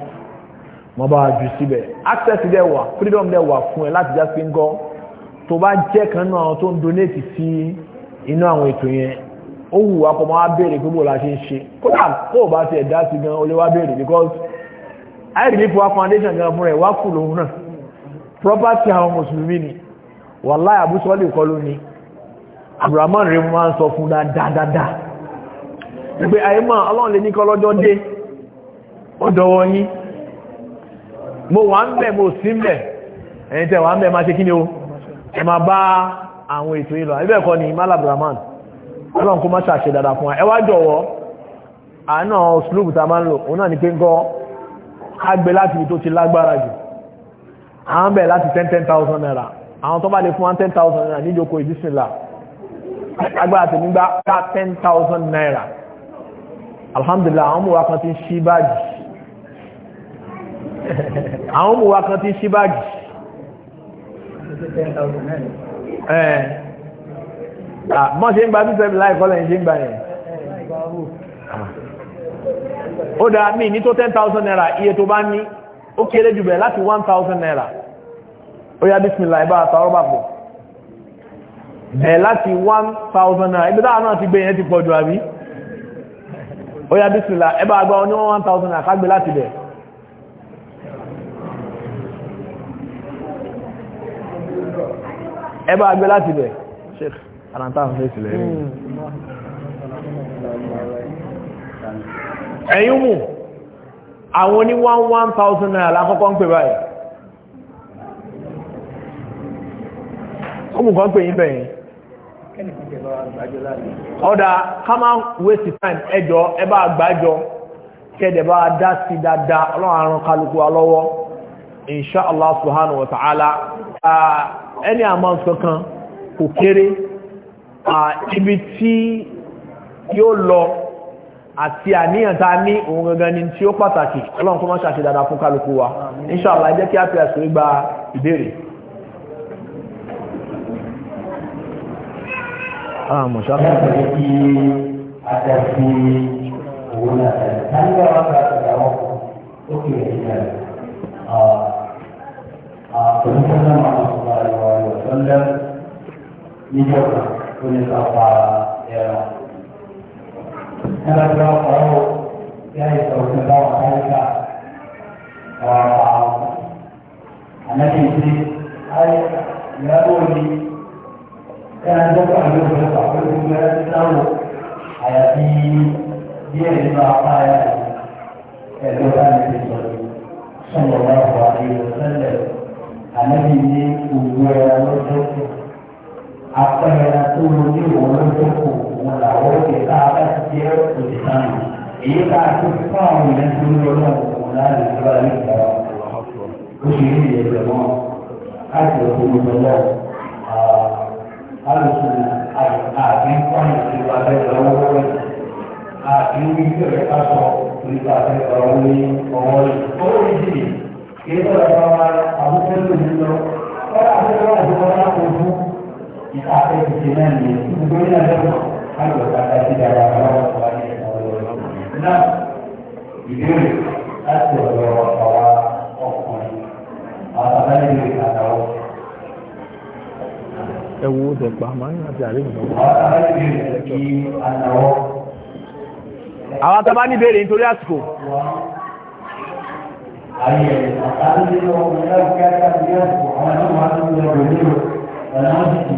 mo bá jù síbẹ̀ access dẹ̀ wà freedom dẹ̀ wà fún ẹ láti jásí ń gan tó bá jẹ́ kan náà àwọn tó ń donate sí inú àwọn ètò yẹn ó wù wá kó máa béèrè la ṣe ń ṣe kódà kó o bá ti ẹ̀dá sí gan olè wá because i relief wa foundation gan fúnra ẹ̀ wá kù lòun náà property àwọn mùsùlùmí ni wàláì àbúsọ́lì kọ́ ló ní abdulrahman rẹ̀ máa ń sọ fún dáadáa ìgbé àìmọ̀ ọlọ́run lè ní kọ́ lọ́jọ́ dé ọdọ̀wọ̀ yín mo wà ń bẹ̀ mo sí ń bẹ̀ ẹ̀yìn tẹ́ wà ń bẹ̀ máa ṣe kí ni o ẹ máa bá àwọn ètò ìlọ ibẹ̀ kọ́ ni malabrahman ọlọ́run kó má ṣàṣe dáadáa fún wa ẹ wá jọ̀wọ́ àánà slope tá máa ń lò òun náà ni pé ń kọ́ láti tó ti lágbára jù àwọn bẹ̀rẹ̀ láti ten ten thousand naira àwọn tó bá lè fún wa ten thousand naira níjókòó ìdísìnlá agbára tèmi gbá ká ten thousand naira Alhamdulillah, àwọn ọmọ wa kan ti ń ṣí báàgì (laughs) àwọn ọmọ kan ti ń ṣí báàgì Eh. Ah, mọ́ ṣe ń gba bíṣẹ́ láì kọ́lẹ̀ ṣe ń gba yẹn ah. ó dáa mí ní tó ten naira iye tó bá ní ó kéré jù bẹ̀ láti one naira ó yá bísmìlá ìbá àtàwọn bá pọ̀ bẹ̀ láti 1.000 naira ibi dáa náà ti gbé yẹn ti pọ̀ jù àbí ó yá bísmìlá ẹbá àgbà ọ ní naira ká gbé láti bẹ̀ ẹ bá gbé láti bẹ̀ sheikh arantan fèsì lẹ́yìn hmm. ẹ̀yìn mú àwọn ní 1,000 naira lákọ́kọ́ ń pè báyìí ó mú kan pè yí bẹ̀yìn ọ̀dá ká máa waste time ẹjọ́ ẹ bá gbájọ kẹ́dẹ̀ bá dá sí dáadáa ọlọ́run àrùn kálukú alọ́wọ́ insha Allah subhanahu wa ta'ala any amount kankan kò kéré ibi tí yóò lọ àti àníyàn tá a ní òun gangan ni tí ó pàtàkì ọlọ́run kó má ṣàṣe dáadáa fún kálukú wa inṣàlá jẹ́ kí á fi àṣírí gba ìbéèrè Ah, وسلم لجوفة وللأربعة كما توقعوا ذلك وتبارك ذلك التي تريد أي يقول كان دفع منه يقع منه ما يتنوع حياتي دين ما قال الدفع صلى الله عليه وسلم àlẹ́bí ní òwú ẹ̀rọ lọ́jọ́ kù apẹ̀rẹ̀ tó ló ní òwú lọ́jọ́ wọn làwọn òkè tá a jẹ́ òṣìṣàn èyí ká tó fún àwọn ìyẹn tó lọ náà wọn láti lọ́wọ́ ní ìgbà ó ṣe ní ìyẹ̀bẹ̀ mọ́ láti ọ̀pọ̀ lọ́wọ́ alùpùpù àti pààyàn tí wàá fẹ́ lọ́wọ́ wọ́wọ́ àti wíwí rẹ̀ ká sọ nípa fẹ́ lọ́wọ́ ní ọwọ́ rẹ̀ ó rí jìnnì kìí tó ẹ̀rọ wa àbúkọ́ lòdì lọ wọ́n àbúkọ́ àti wọn á kó fún ìta àtẹ̀tẹ̀ náà ní ìgbó ní ẹ̀rọ àgbẹ̀ kàtà sí ìjàmbá àwọn ọ̀sán ní ẹ̀rọ náà ìbéèrè láti ọ̀dọ̀ ọ̀wá ọkùnrin ẹ wo dẹ̀gbà máa ń rántí àlejò náà. àwọn àtàbá ní ìbéèrè nítorí àsìkò. Ahí está diciendo comunidad que hasta días, ahora no va a tener un reunido, para no asistir.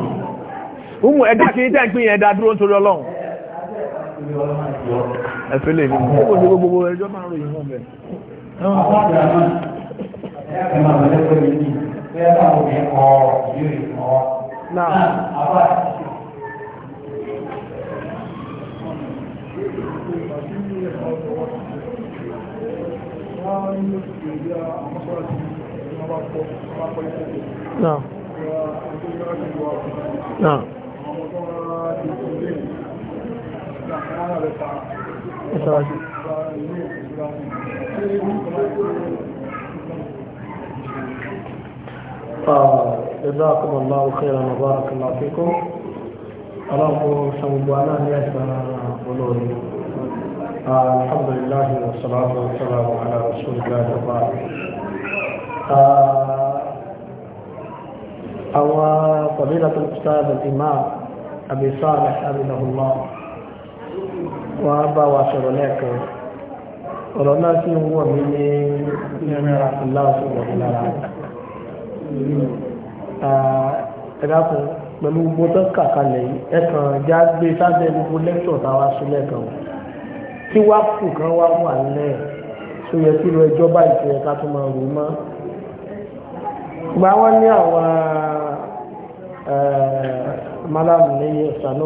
Umu ẹ̀dá dá dúró nítorí ọlọ́run. Ẹ fi lè fún un. Ó ní gbogbo ẹjọ́ máa ń ròyìn wọn bẹ̀. Àwọn àgbà náà, ẹ máa bẹ̀rẹ̀ pẹ̀lú yìí, bẹ́ẹ̀ bá wọn yẹn kọ ìlú ìkọ́. Náà, àbá. Thank you. Náà. Náà. Ìtàwájú. جزاكم الله خيرا وبارك الله فيكم اللهم صل على نبينا محمد الحمد لله والصلاة والسلام على رسول الله وبعد أو فضيلة الأستاذ الإمام أبي صالح حفظه الله وأبا واسر لك ولنا هو من يمير الله سبحانه وتعالى ẹ̀dàkùn pẹ̀lú gbogbo tó kàkalẹ̀ yìí ẹ̀kan já gbé sábẹ́ gbogbo lẹ́kítọ̀ táwa sílẹ̀ kan kí wá kù kan wá wà nílẹ̀ tó yẹ kí lọ ẹjọ́ báyìí tó yẹ ká tó máa rò mọ́. gba wọn ní àwọn malamu ní sanu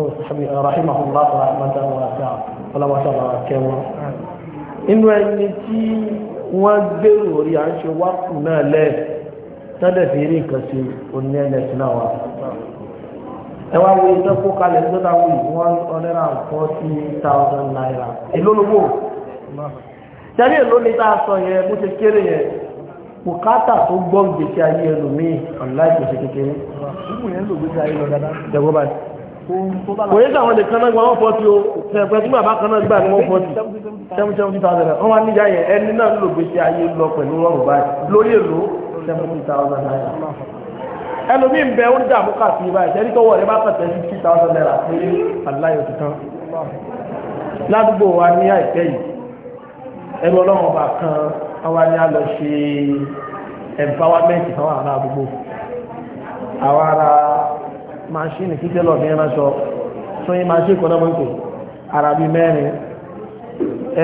rahimahullah rahmatan wa ta ọlọ́wọ́sá bá wa kẹ́ wọn. inú ẹni tí wọ́n gbèrò rí à ń ṣe wá kù náà lẹ̀ tọ́lẹ̀ fi rí nǹkan sí onílẹ̀ síláwà ẹ wá wo iṣẹ́ kó kalẹ̀ ní gbọ́dọ̀ wí one hundred and forty thousand naira èló lówó tẹ́lẹ̀ èló ni tá a sọ yẹn bó ṣe kéré yẹn bùkátà tó gbọ́ gbèsè ayé ẹlòmíì ọ̀la ìgbèsè kékeré. ìgbòho báyìí kò yẹ káwọn lè kaná gba wọn fọtí o ẹgbẹ́ tí bàbá kaná gbà ni wọn fọtí seven seventy thousand naira wọn wá níjà yẹn ẹni náà ló gbèsè ayé lọ pẹ̀lú rọrùn báyìí lórí èlò seventy thousand naira ẹlòmí ń bẹ ó ń dààmú káàkiri báyìí jẹ́rí tọ́wọ́ rẹ bá pẹ̀tẹ́ sí two thousand naira pé aláyọ̀ ti tán ládùúgbò wa ní àìpẹ́ yìí ẹnu ọlọ́run ọba kan àwa ni a lọ ṣe empowerment fáwọn ará àdúgbò àwọn ará máṣíìnì kíkẹ́ lọ ní ẹranṣọ tún yín máa ṣe ìkọ́nà mọ́tò ara bíi mẹ́rin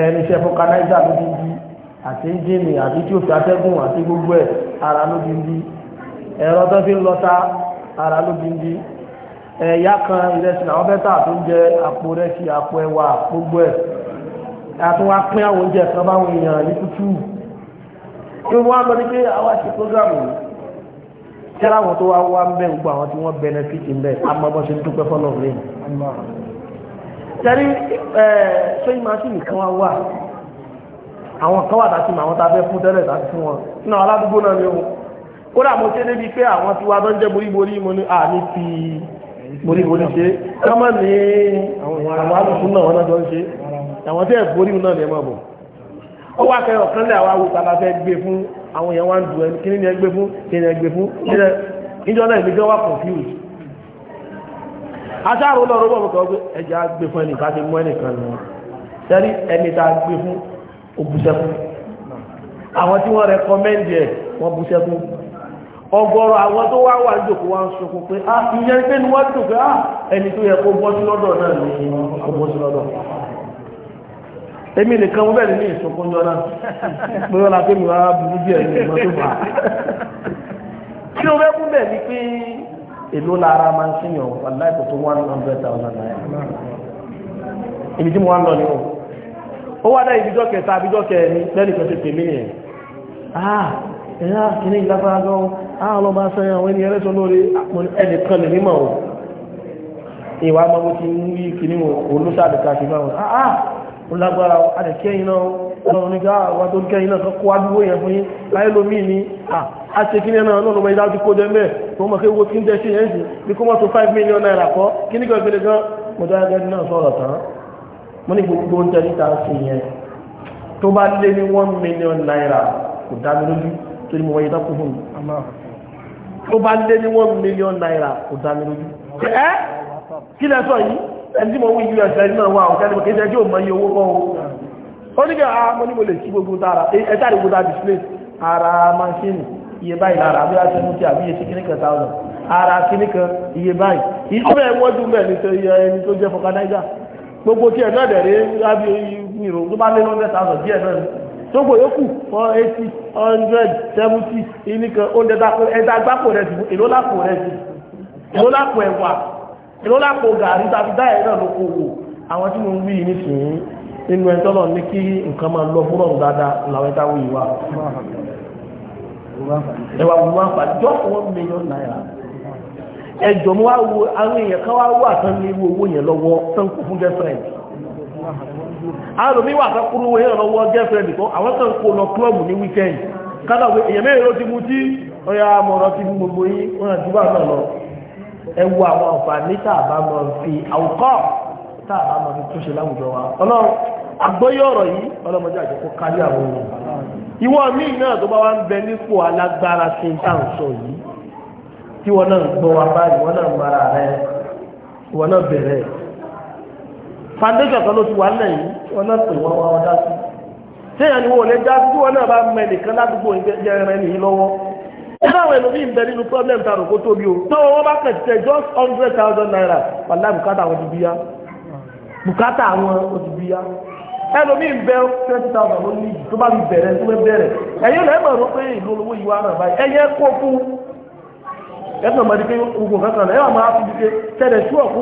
ẹni iṣẹ́ fọkànáìzà ló ti di àti ẹ́ńjìnì àti tí ó fi atẹ́gùn àti gbogbo ẹ̀ ara ló ti di ẹ̀rọ tó fi ń lọta ara ló bí ń bí ẹ̀yà kan ìrẹsì làwọn fẹ́ tà tó ń jẹ àpò rẹsì àpò ẹwà gbogbo ẹ̀ àtúnwá pín àwọn oúnjẹ kan báwọn èèyàn ní tútù wọ́n á lọ ní pé àwa ṣe prógrámù tẹ́lá àwọn tó wá wá ń bẹ́ gbogbo àwọn tí wọ́n bẹnẹfìtì ń bẹ́ amọ́bọ́ ṣe ń dúpẹ́ fọ́lọ́ rẹ̀ tẹ́lí sẹ́yìn máṣínì kan wá àwọn kan wà tá a ti mọ àwọn tá a fẹ́ fún tẹ́lẹ̀ tá a ti fún wọn náà aládùúgbò náà ni ó kódà mo ṣe débi pé àwọn tiwa tó ń jẹ́ boríborí mo ní àní ti boríborí ṣe kọ́mọ̀ ní àwọn àbùkù náà wọn náà jọ ń ṣe àwọn tí ẹ̀ borí náà ní ẹ máa bọ̀ ó wá kẹ́ ọ̀kan lẹ́ àwọn awùsà la fẹ́ gbé fún àwọn èèyàn wá ń dùn ẹni kí ni ẹ gbé fún kí ni ẹ gbé fún ìjọ náà ìgbéjọ́ wà confused aṣáàrò lọ rọ́bọ̀ mọ́kàn pé ẹjẹ́ gbé fún ẹnìkan ti mú ẹnìkan lọ sẹ́rí ẹni tá a gbé fún òbúṣẹ́kún àwọn tí wọ́n ọgọrọ àwọn tó wá wà níjòkó wá ń pé ah ìyẹn pé ni ah, ẹni tó yẹ kó bọ́ sí lọ́dọ̀ náà ni kó sí lọ́dọ̀ èmi nìkan ní jọ pé wọ́n la pé mi burú ìmọ̀ ni pé lára máa ń sìn yàn aláìkò tó ibi tí mo wá ń o ó wá dá lẹ́nu àwọn ọba sẹ́yìn àwọn ẹni ẹlẹ́sọ lórí ẹnìkan lè mímọ̀ wọn ìwà amọ́gbó ti ń rí kìíní wọn olóṣàdùkà sí fáwọn àá olágbára àdẹ̀kẹ́yìn náà lọ́rùn nígbà wà tó kẹ́yìn náà kọ́ adúgbò yẹn fún yín láyé lómi ní a ṣe kí ní ẹ̀nà náà lọ́mọ ìdájú kó jẹ́ mẹ́ tó mọ̀ kí owó tí ń jẹ́ sí yẹn sí bí kó mọ̀ tó 5 million naira kọ́ kí ní gbẹ̀gbẹ̀ gan mo dá ẹgbẹ́ náà sọ̀rọ̀ tán mo ní gbogbo ń tẹ́lí ta sí yẹn tó bá lé ní 1 million naira kò dá mi lójú torí mo wáyé dákú fún mi tó bá lé ní one million naira kò dá mi lójú ẹ́ kí lẹ sọ yìí ẹni tí mo wí us ẹni náà wà òkè ẹni tí ó mọ iye owó kọ́ o ó ní kí a ah, mọ́ ní mo lè kí gbogbo tára ẹ̀ta àdìgbò tá display ara mansini iye báyìí lára bí a ṣe mú àbí iye kíní kan thousand ara kíní kan iye báyìí ìṣẹ́ wọ́n dùn bẹ́ẹ̀ ní ẹni tó jẹ́ fọkànáìjà gbogbo tí ẹ̀ náà dẹ̀ rí rábí ìrò tó bá lé lọ́ndẹ̀ tókò yókù one eighty hundred seventy ìníkan oúnjẹ ẹ̀dá gbáko rẹ̀ sí èló lápò rẹ̀ sí èló lápò ẹ̀wà èló lápò gàrí tàbí náà ló kó wò àwọn tí mo ń wí nínú ẹjọ́lọ̀ ní kí nǹkan máa lọ fún ọ̀run dáadáa làwọn ẹ̀dá wí wá ẹwà wọ́n máa fà jọ́ wo àwọn òmí wà sákúrú owó èèyàn lọ́wọ́ girlfriend kan àwọn kan kó lọ klọ́ọ̀bù ní weekend kádà pé èèyàn mẹ́rin ló ti mú tí ọya mọ̀rọ̀ ti mú gbogbo yín wọn àti bá náà lọ ẹ wo àwọn àǹfààní tààbà mọ̀ fi àwùkọ́ tààbà mọ̀ fi túnṣe láwùjọ wa ọlọ́run àgbọ́yé ọ̀rọ̀ yìí ọlọ́mọdé àjẹkó kárí àwọn ohun ìwọ míì náà tó bá wá ń bẹ nípò alágbára sí táwọn sọ yìí tí wọn náà gbọ́ wa báyìí wọn náà mara rẹ wọn náà foundation kan ló ti wà nílẹ̀ wọn náà pè wọ́n wọ́n dá sí téèyàn ni wọn ò lè dá sí wọn náà bá ládùúgbò rẹ nìyí problem ta tóbi o tó wọn bá kẹ̀ tẹ just hundred thousand naira wàlá bùkátà àwọn ti bí ya bùkátà àwọn ó ya ẹlòmíì ń bẹ twenty thousand ló tó bá bẹ̀rẹ̀ tó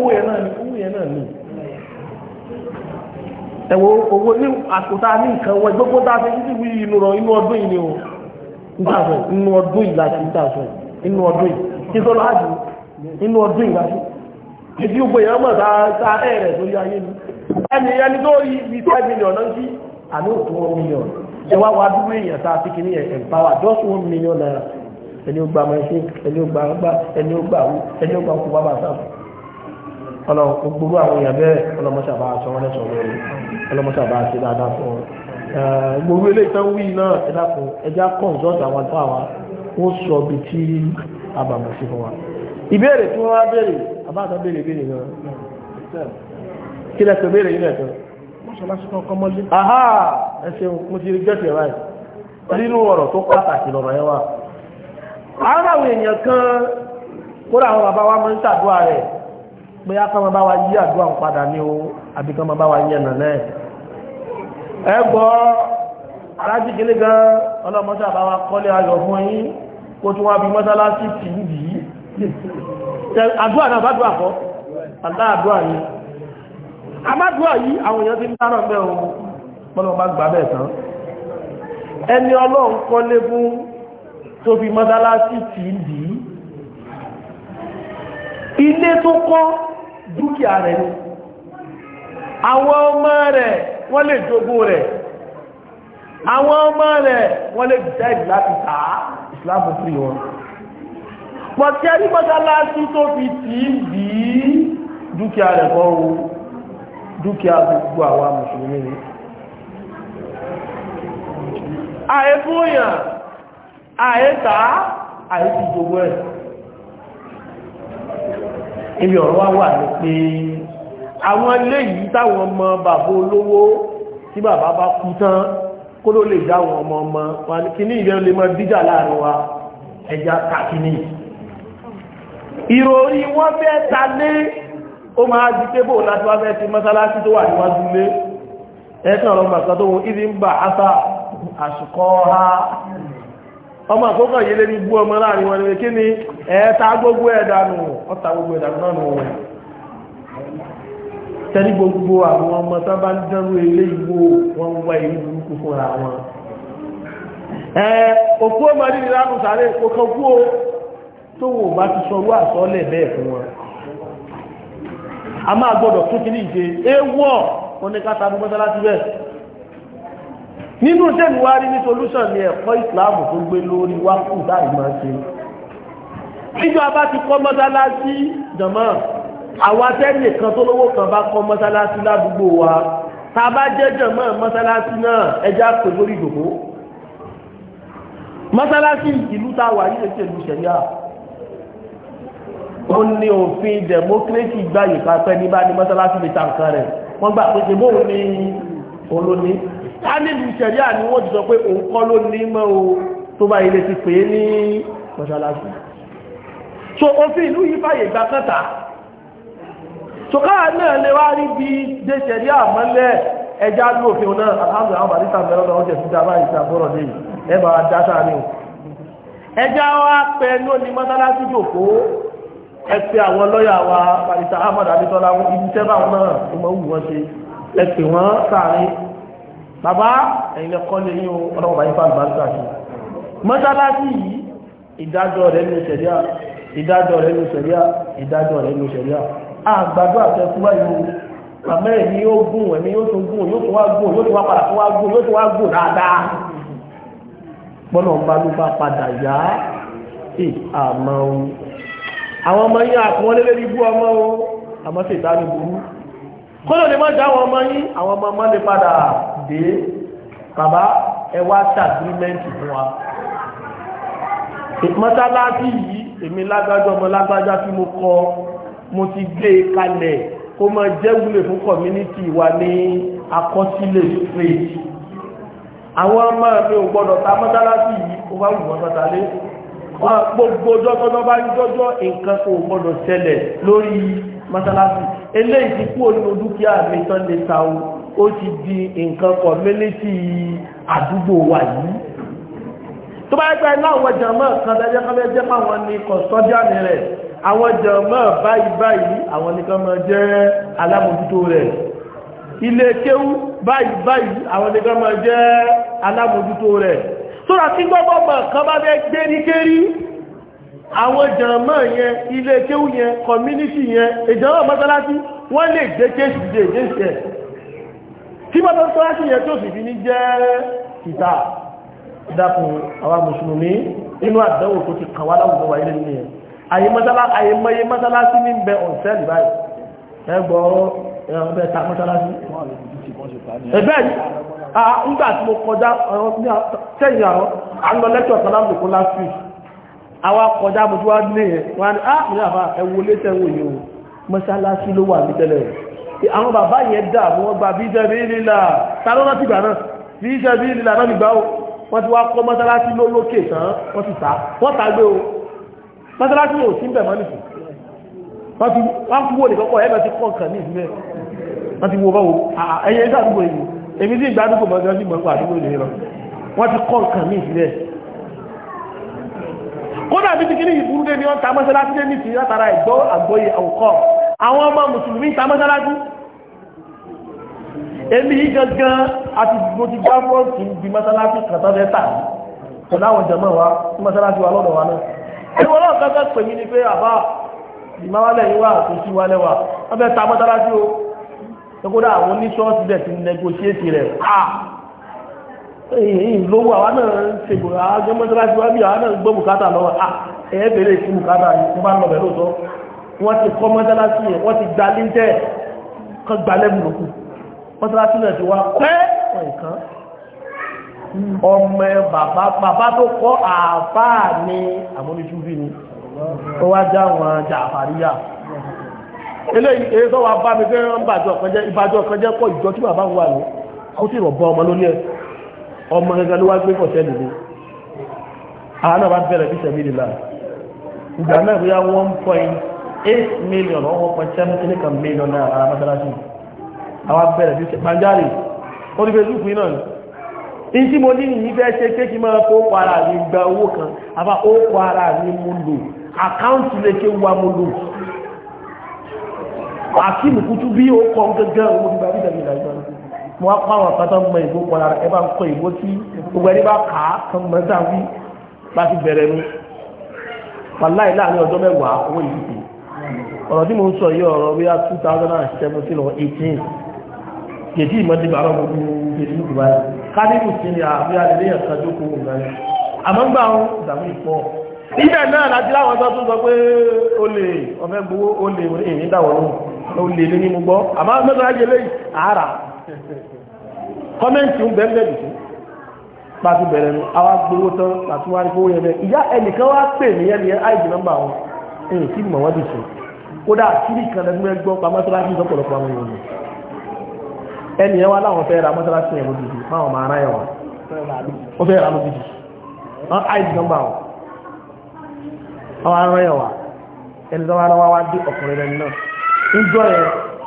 bẹ̀rẹ̀ ẹ̀wọ̀ owó ní àkótá ní nǹkan gbogbo títí wí inú rọ inú ọdún yìí ni o inú ọdún yìí láti inú ọdún yìí kí inú ọdún yìí láti mọ̀ ẹ̀ rẹ̀ ni ẹni ẹni tó yí five million náà sí àní òtún one million ẹ wá wá dúró èèyàn tá a kìíní ẹ̀ empower just one million naira ẹni ó gbà mọ̀ ẹ̀ṣin ẹni ó gbà ẹni ó gbà ẹni ó gbà kó bá bá ọlọ́run kò gbogbo àwọn èèyàn bẹ́ẹ̀ ọlọ́mọṣàbá aṣọ wọn lẹ́sọ̀ọ́ lórí ọlọ́mọṣàbá aṣọ dáadáa fún wọn gbogbo ilé ìtàn wí náà ẹ dákun ẹjá consult àwọn tó àwọn ó sọ bí tí a bà mọ̀ sí fún wa ìbéèrè tí wọ́n wá béèrè àbáàtà béèrè béèrè náà kí lẹ sọ béèrè yìí lẹ́tọ́ aha ẹ ṣeun mo ti rí gẹ́tì ẹ̀ báyìí nínú ọ̀rọ̀ tó pàtàkì lọ́rọ̀ ẹ wà àwọn àwọn èèyàn bóyá kọ́ ma bá wa yí àdúrà ń padà ní o àbí kọ́ ma bá wa yí ẹ̀nà náà ẹ gbọ́ alájí kele gan ọlọ́mọṣẹ́ àbáwá kọ́lé ayọ̀ fún yín kó tún wá bí mọ́sálásí tì í yìí àdúrà náà bá dúà kọ́ aláàdúrà yìí àmádùúrà yìí àwọn èèyàn ti ń dáná bẹ́ẹ̀ o pọ́lọ́ bá gbà bẹ́ẹ̀ tán ẹni ọlọ́run kọ́lé fún tó fi mọ́sálásí tì í ilé tó kọ́ dúkìá rẹ̀ ni àwọn ọmọ rẹ̀ wọ́n lè jogún rẹ̀ àwọn ọmọ rẹ̀ wọ́n lè dìtẹ́ẹ̀dì láti tà á ìsìláàmù fún wọn pọ̀tí ẹni mọ́sálásí tó fi tì í bí dúkìá rẹ̀ kọ́ wo dúkìá gbogbo àwa mùsùlùmí ni àìfúnyàn àìta àìsí jogún ẹ̀ ibi ọ̀rọ̀ wá wà ní pé àwọn ilé yìí táwọn ọmọ bàbá olówó tí bàbá bá kú tán kó ló lè dáwọn ọmọ ọmọ wà ní kí ní ìrẹ́ lè mọ́ díjà láàrin wa ẹja kàkíní ìròrí wọ́n fẹ́ ta lé ó máa di pé bò láti wá fẹ́ ti mọ́sálásí tó wà níwájú lé ẹ̀ẹ́sàn ọ̀rọ̀ ọmọ àkókò yìí lé ní bú ọmọ láàrin wọn ni kí ni ẹ̀ẹ́ta gbogbo ẹ̀dànù ọ̀ta gbogbo ẹ̀dànù náà nù wọn tẹ́lí gbogbo àwọn ọmọ tó ń ilé wọn wá ìlú burúkú fúnra wọn ẹ̀ẹ́ òkú ọmọ nílùú sáré o tó wò bá ti sọrú àsọlẹ̀ a máa gbọ́dọ̀ kí ní ìṣe ewọ́ nínú tẹ́mi wá rí ní solúṣàn ní ẹ̀kọ́ ìsìláàmù tó gbé lórí wákù láì máa ṣe níjọ abá ti kọ́ mọ́sálásí jọ̀mọ́ àwọn atẹ́nì kan tó lówó kan bá kọ́ mọ́sálásí ládùúgbò wa tá a bá jẹ́ jọ̀mọ́ mọ́sálásí náà ẹjẹ́ àpè lórí ìdòkó mọ́sálásí ìlú tá a wà yìí ètò ìlú ṣẹ̀yà ó ní òfin democracy gbàyè kápẹ́ ní bá ní mọ́sálásí lè ta nǹkan rẹ̀ wọ́n gbà pé ṣe bóun ní olóní nílùú ṣẹ̀ríà ni wọ́n ti sọ pé òun kọ́ ló ní mọ́ o tó bá ilé ti pè é ní mọ́ṣáláṣí so òfin ìlú yìí fàyè gba kẹta so káà náà lè wá rí bí dé ṣẹ̀ríà mọ́lẹ̀ ẹja ní òfin náà alhamdulillah àwọn àdìsá mẹ́rọ̀ náà wọ́n jẹ̀ síta báyìí sí àbúrò lẹ́yìn ẹ bá wa dá sáà ní o ẹja wa pẹ́ ní òní mọ́ṣáláṣí jòkó ẹ̀pẹ́ àwọn lọ́yà wa àdìsá ahmad adétọ́lá ibi tẹ́ báwọn náà ìmọ̀ wù wọ́n ṣe ẹ̀pẹ́ wọn sáàrin bàbá ẹ̀yin lẹ kọ́lé yín o ọlọ́wọ́ bá yín fà lùbáríkà sí mọ́sálásí yìí ìdájọ́ rẹ̀ ní ṣẹ̀ríà ìdájọ́ rẹ̀ ní ṣẹ̀ríà ìdájọ́ rẹ̀ ní ṣẹ̀ríà àgbàdo àtẹ̀kú báyìí o bàbá ẹ̀ ni yóò gùn ẹ̀mí yóò tún gùn yóò tún wá gùn yóò tún wá padà tún wá gùn yóò tún wá gùn dáadáa gbọ́dọ̀ ń bá ló bá padà yá àmọ́ o àwọn ọmọ yín àkọọ́lé lórí ibú ọmọ o àmọ́ sì dá kó ló má dá àwọn ọmọ yín àwọn ọmọ ọmọ lè padà dé bàbá ẹ wá ṣàgírímẹ́ǹtì fún wa mọ́sálásí yìí èmi lágbájá ọmọ lágbájá tí mo kọ́ mo ti gbé e kalẹ̀ kó mọ jẹ́ wúlò fún community wa ní akọsílẹ̀ street àwọn ọmọ mi ò gbọ́dọ̀ ta mọ́sálásí yìí ó bá wù wọ́n sátálé wọn gbogbo jọ́jọ́jọ́ bá ń jọ́jọ́ nǹkan kò gbọ́dọ̀ ṣẹlẹ̀ lórí mọ́sálásí eléyìí ti kú òní dúkìá mi tán lè ta o ó ti di nǹkan kọ̀mílítì àdúgbò wa yìí tó bá gbẹ́ láwọn jàmọ́ kan lẹ́jẹ́ kan lẹ́jẹ́ fáwọn ní kọ̀sọ́díàmì rẹ̀ àwọn jàmọ́ báyìí báyìí àwọn nìkan máa jẹ́ alámòjútó rẹ̀ ilé kéwú báyìí báyìí àwọn nìkan máa jẹ́ alámòjútó rẹ̀ sóra tí gbọ́gbọ́gbọ̀ kan bá fẹ́ gbé ní kérí àwọn jàmọ́ yẹn ilé kéwú yẹn kọ̀mílítì yẹn ìjàmọ́ mọ́sálásí wọ́n lè gbé kéṣì tí bá tọ́tọ́ láti yẹ tó sì fi ní jẹ́ ìta ìdákun àwọn mùsùlùmí inú àdánwò tó ti kàwà láwùjọ wà ilé ní àyèmọ́yé mọ́sálásí ní bẹ ọ̀sẹ́lì báyìí ẹgbọ́ ẹgbẹ́ ta mọ́sálásí ẹgbẹ́ nígbà tí mo kọjá sẹ́yìn àwọn àlọ́lẹ́tọ̀ sàlámùkú last week àwọn kọjá mo tí wá nílé yẹn wọ́n á ní ah, àfà ẹwọlé tẹ́wọ̀ yìí mọ́sálásí ló wà ní tẹ́lẹ̀ rẹ̀ àwọn bàbá yẹn dà mú wọn gba bíṣẹ́ bí lílà tààrọ́ láti gbà náà bíṣẹ́ bí lílà náà nígbà ó wọ́n ti wá kọ́ mọ́sálásí lólókè tán wọ́n ti tà wọ́n tà gbé o mọ́sálásí ò sí bẹ̀ mọ́nìsì wọ́n ti wọ́n kú wò ní kọ́kọ́ ẹ̀mẹ́ ti kọ́ nǹkan ní ìlú ẹ̀ wọ́n ti wo báwo ẹ̀yẹ ìdádúgbò yìí èmi sì ìdádúgbò mọ́sálásí mọ́ kódà bí tìkìrì ìbúrú dé ní wọn ta mọ́sálásí dé nìtì látara ìgbọ́ àgbọ́yé àwùkọ́ àwọn ọmọ mùsùlùmí ta mọ́sálásí èmi yìí gangan àti mo ti gbá fọ́ọ̀tì di mọ́sálásí kàtàlẹ́ta pẹ̀lú àwọn jẹ̀mọ́ wa tí mọ́sálásí wa lọ́dọ̀ wa náà ẹni wọn náà kankan pè mí ni pé àbá ìmáwálẹ̀ yìí wà tó sí wálẹ̀ wa wọ́n fẹ́ ta mọ́sálásí o lówó àwa náà ń ṣe bùrọ̀ àjọ mọ́sálásí wá bí àwa náà ń gbọ́ bùkátà lọ́wọ́ à ẹ̀ bèrè sí bùkátà yìí wọ́n bá ń lọ bẹ̀ lóòótọ́ wọ́n ti kọ́ mọ́sálásí yẹn wọ́n ti gba lẹ́ńtẹ́ kọ́ gba lẹ́bù lókù mọ́sálásí náà ti wá pẹ́ ọ̀ǹkan ọmọ bàbá bàbá tó kọ́ àáfàá ni àmúnisúfì ni ó wá já wọn jà àfàríyà eléyìí èyí tó wà bá mi fẹ́ràn bàjọ́ kan jẹ́ ìbàjọ́ kan jẹ́ kọ́ ìjọ tí bàbá wà ní ó ọmọ gẹ́gẹ́ ló wá gbé pọ̀ṣẹ́ nìlú àwọn náà bá bẹ̀rẹ̀ bí sẹ̀mí nìlá ìgbà náà bóyá one point eight million or one point seven kìnnìkan million náà àwọn mọ́sálásí àwọn bẹ̀rẹ̀ bí sẹ̀mí pàjáre ó ti fẹ́ sùkú iná ni in tí mo ní ní fẹ́ ṣe kéèkì máa kó para mi gba owó kan àbá ó para mi mú lò àkáǹtì lè ké wa mú lò àkíìmù kútú bí ó kọ́ gẹ́gẹ́ owó nígbà bí sẹ̀mí nìlá ìgbà mo wá pa àwọn igbo tó ń mọ ìbò pọ̀ lára ẹ bá ń kọ ìbò tí gbogbo ẹni bá kà á kan mọ sáà wí bá ti bẹ̀rẹ̀ nu wàláì láàrin ọjọ́ sọ yìí ọ̀rọ̀ two thousand and seventeen or eighteen sí ni àbí alẹ́ yẹn jókòó àmọ́ gbà ìfọ́ ibẹ̀ náà láti láwọn tó sọ kọ́mẹ́ǹtì ń bẹ́ẹ̀ bẹ́ẹ̀ dùn pàtó bẹ̀rẹ̀ nu àwa gbowó tán pàtó wá ní kówó yẹn bẹ́ẹ̀ ìyá ẹnìkan wá pè ní ẹni yẹn àìjì nọ́mbà wọn ẹ̀yìn tí mọ̀ wọ́n dùn kódà kíri kan lẹ́nu ẹ gbọ́ pa mọ́sálásí ìsọ̀pọ̀lọpọ̀ àwọn èèyàn ẹni yẹn wá láwọn fẹ́ ra mọ́sálásí yẹn lójijì máwọn máa ráyà wọn wọ́n fẹ́ ra lójijì wọ́n àìjì nọ́mbà wọn àwọn aráyà wa ẹni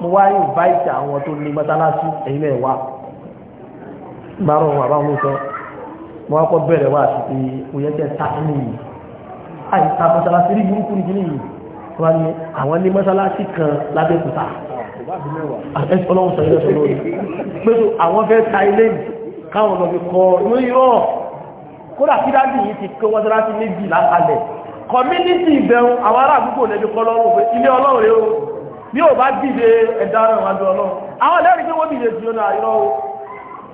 mo wá invite àwọn tó ní mọ́tálásí ẹ̀yin náà wá bá rọrùn bàbá wọn sọ mo wá kọ́ bẹ̀rẹ̀ wá sí pé oyè tẹ ta ní yìí àyè ta mọ́tálásí rí burúkú ní kíní yìí wọ́n ní àwọn ní mọ́tálásí kan lábẹ́kúta ọlọ́run sọ ilé sọ lórí pé àwọn fẹ́ ta ilé káwọn lọ fi kọ́ ìwé irọ́ kódà kí dájú yìí ti kó mọ́tálásí méjì lápalẹ̀ community ìbẹ̀rún àwọn ará àdúgbò lẹ́bi kọ́ lọ́rùn ilé ọlọ́run rẹ̀ bí ò bá dìde ẹ̀dára ìwájú ọlọ́run àwọn ẹlẹ́rìí pé wọ́n dìde sí ọ̀nà àìrọ́ o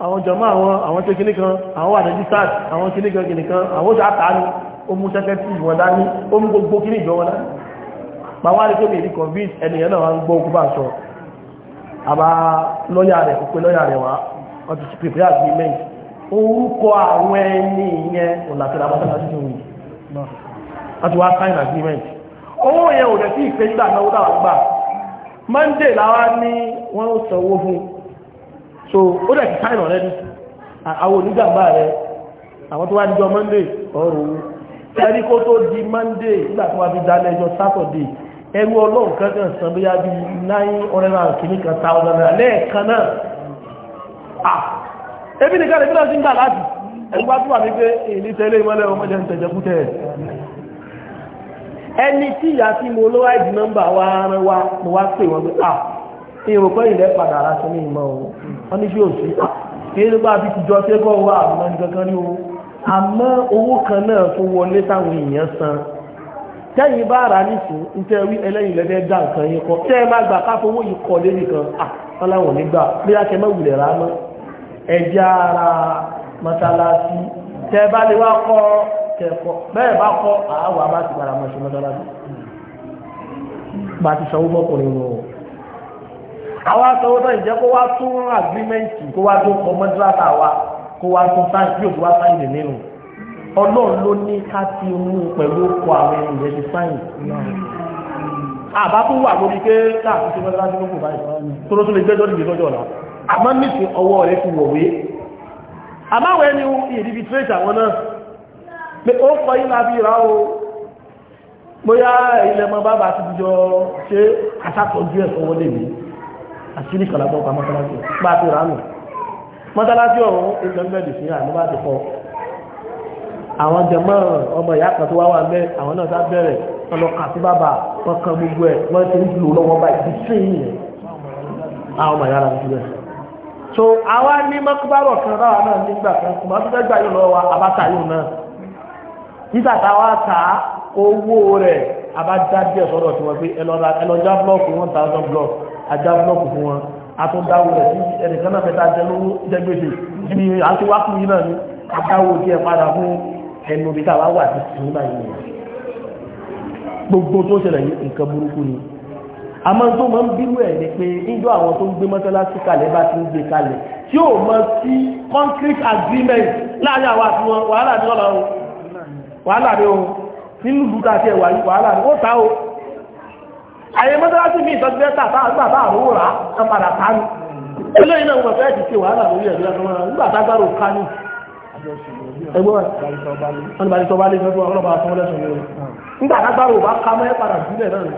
àwọn jọmọ àwọn àwọn tó kíní kan àwọn wà rẹ́gísítàd àwọn kíní kan kíní kan àwọn oṣù àtàánú ó mú sẹ́kẹ́tì ìwọ̀n dání ó mú gbogbo kíní ìjọ wọn dání ma wá mi ní convince ẹnìyàn náà wá ń gbọ́ okú bá ń sọ àbá lọ́yà rẹ̀ pípé lọ́yà rẹ̀ wá wọ́n ti prepare agreement orúkọ àwọn ẹni ìyẹn òlàtẹ̀lá mọ́sálásí tó wù wọ́n ti wá sign owó yẹn ò rẹ̀ sí ìpéjìlá náà ó gbà monday láwá ní wọ́n ó sanwó fún so ó dẹ̀ ti sign already àwọn onígbàmbà rẹ̀ àwọn tó wá níjọ monday ọrọ̀ owó ẹni kó tó di monday nígbà tó wá fi dálẹ̀ ẹjọ́ saturday ẹrú ọlọ́run kan kan san bí yábí nine hundred and kìíní kan thousand naira lẹ́ẹ̀kan náà ah ebi nìkan lè fi náà sí ń gbà láti ẹgbẹ́ tó wà ní pé èyí ní tẹ́lẹ̀ ìmọ́lẹ̀ ọmọdé ń tẹ̀jẹ̀kútẹ̀ ẹni tí ìyá tí mo lówá ìdí nọ́mbà wa rán wa mo wá pè wọ́n pé à èrò pé ilẹ̀ padà ara sí ní ìmọ̀ òun wọ́n ní sí òsì kìí ló bá fi ti jọ sẹ́kọ̀ wá àwọn ẹni kankan ní owó àmọ́ owó kan náà tó wọlé táwọn èèyàn san tẹ́yìn bá ara nìsín ń tẹ́ wí ẹlẹ́yìn lẹ́fẹ́ dá nǹkan yẹn kọ́ tẹ́ ẹ má gbà káfowó yìí kọ́ lé nìkan à wọ́n láwọn nígbà bí a kẹ́ mọ́ wulẹ̀ rà mọ́ ẹ̀jẹ̀ ara mọ́sálásí tẹ́ bá lè wá kọ́ kẹ́ẹ̀kọ́ bẹ́ẹ̀ bá kọ́ àáwọ̀ bá ti padà mọ̀ṣẹ́ mọ́ṣáláṣí bá ti sanwó fọ́kùnrin lọ. àwọn asanwó náà ìjẹ́ kó wá tún àgbímẹ́ǹtì kó wá tó kọ mọ́ṣáláṣá wa kó wá tún sáyìn bí òkú wá sáyìn lè nínú ọlọ́run ló ní ká ti mú pẹ̀lú ọkọ̀ àwọn ènìyàn ti sáyìn àbá tó wà lórí pé káàkiri tó mọ́ṣáláṣí ló kù báyìí tó ló tún lè gbẹ́jọ́ nìyí lọ́jọ́ ọ̀la àmọ́ nísìnyí ọwọ́ rẹ̀ ti wọ̀wé pé ó kọ yí láti ìrà o bóyá ilẹ̀ mọ bàbá ti jọ ṣe àṣàkọjú ẹ̀fọ́ wọlé mi àṣírí kàlàbọ̀ pa mọ́tàlájú bá ti rà nù mọ́tàlájú ọ̀hún ìgbẹ́mẹ́lì sí àmì bá ti kọ àwọn jẹmọ́ ọmọ ìyá kan tó wá wà mẹ́ àwọn náà sá bẹ̀rẹ̀ ọlọ́kà sí bàbá wọn kan gbogbo ẹ̀ wọ́n ti ń lò lọ́wọ́ báyìí ti tún ìyẹn àwọn ọmọ ìyá làwọn ti bẹ̀rẹ̀ so àwa ní mọ́kúbárọ̀ kan ráwa náà nígbà kan kùmọ́ tó fẹ́ gbà yóò lọ́wọ́ abáta yóò náà títàtà wá ta owó rẹ̀ abájáde ọ̀sọ́dọ̀ tí wọ́n pé ẹlọ́jà blọ́ọ̀kù one thousand block ajá blọ́ọ̀kù fún wọn àtúndáwò rẹ̀ sí ẹnìkan náà fẹ́ta jẹ lówó jẹ gbèsè ní àtiwákù yìí náà ní àdáwò tí padà fún ẹnu bí táwa wà ní sinmi báyìí gbogbo tó ṣẹlẹ̀ yìí nǹkan burúkú ni àmọ́ tó máa ń bírú ẹ̀ ni pé níjọ́ àwọn tó ń gbé mọ́sálásí kalẹ̀ bá ti ń gbé kalẹ̀ tí ó mọ sí concrete agreement láàárín àwọn àti wọn wàhálà ní ọ̀la wàhálà rẹ̀ ohun nínú lúta àti ẹ̀wà yìí wàhálà rẹ̀ ó ta o àyè mọ́sálásí mi ìtọ́jú ẹ́ta àbáàbá àrówó rà á padà ta ní eléyìn náà wọ́n fẹ́ẹ̀ ti ṣe wàhálà lórí ẹ̀dọ́ ẹ̀dọ́ nígbà tágbàrò ká ní ẹgbọ́n wọn bá ní sọ́bálé fẹ́ ọlọ́bàá fún ọlẹ́sùn lórí nígbà tágbàrò bá ká mọ́ ẹ́ padà sílẹ̀ náà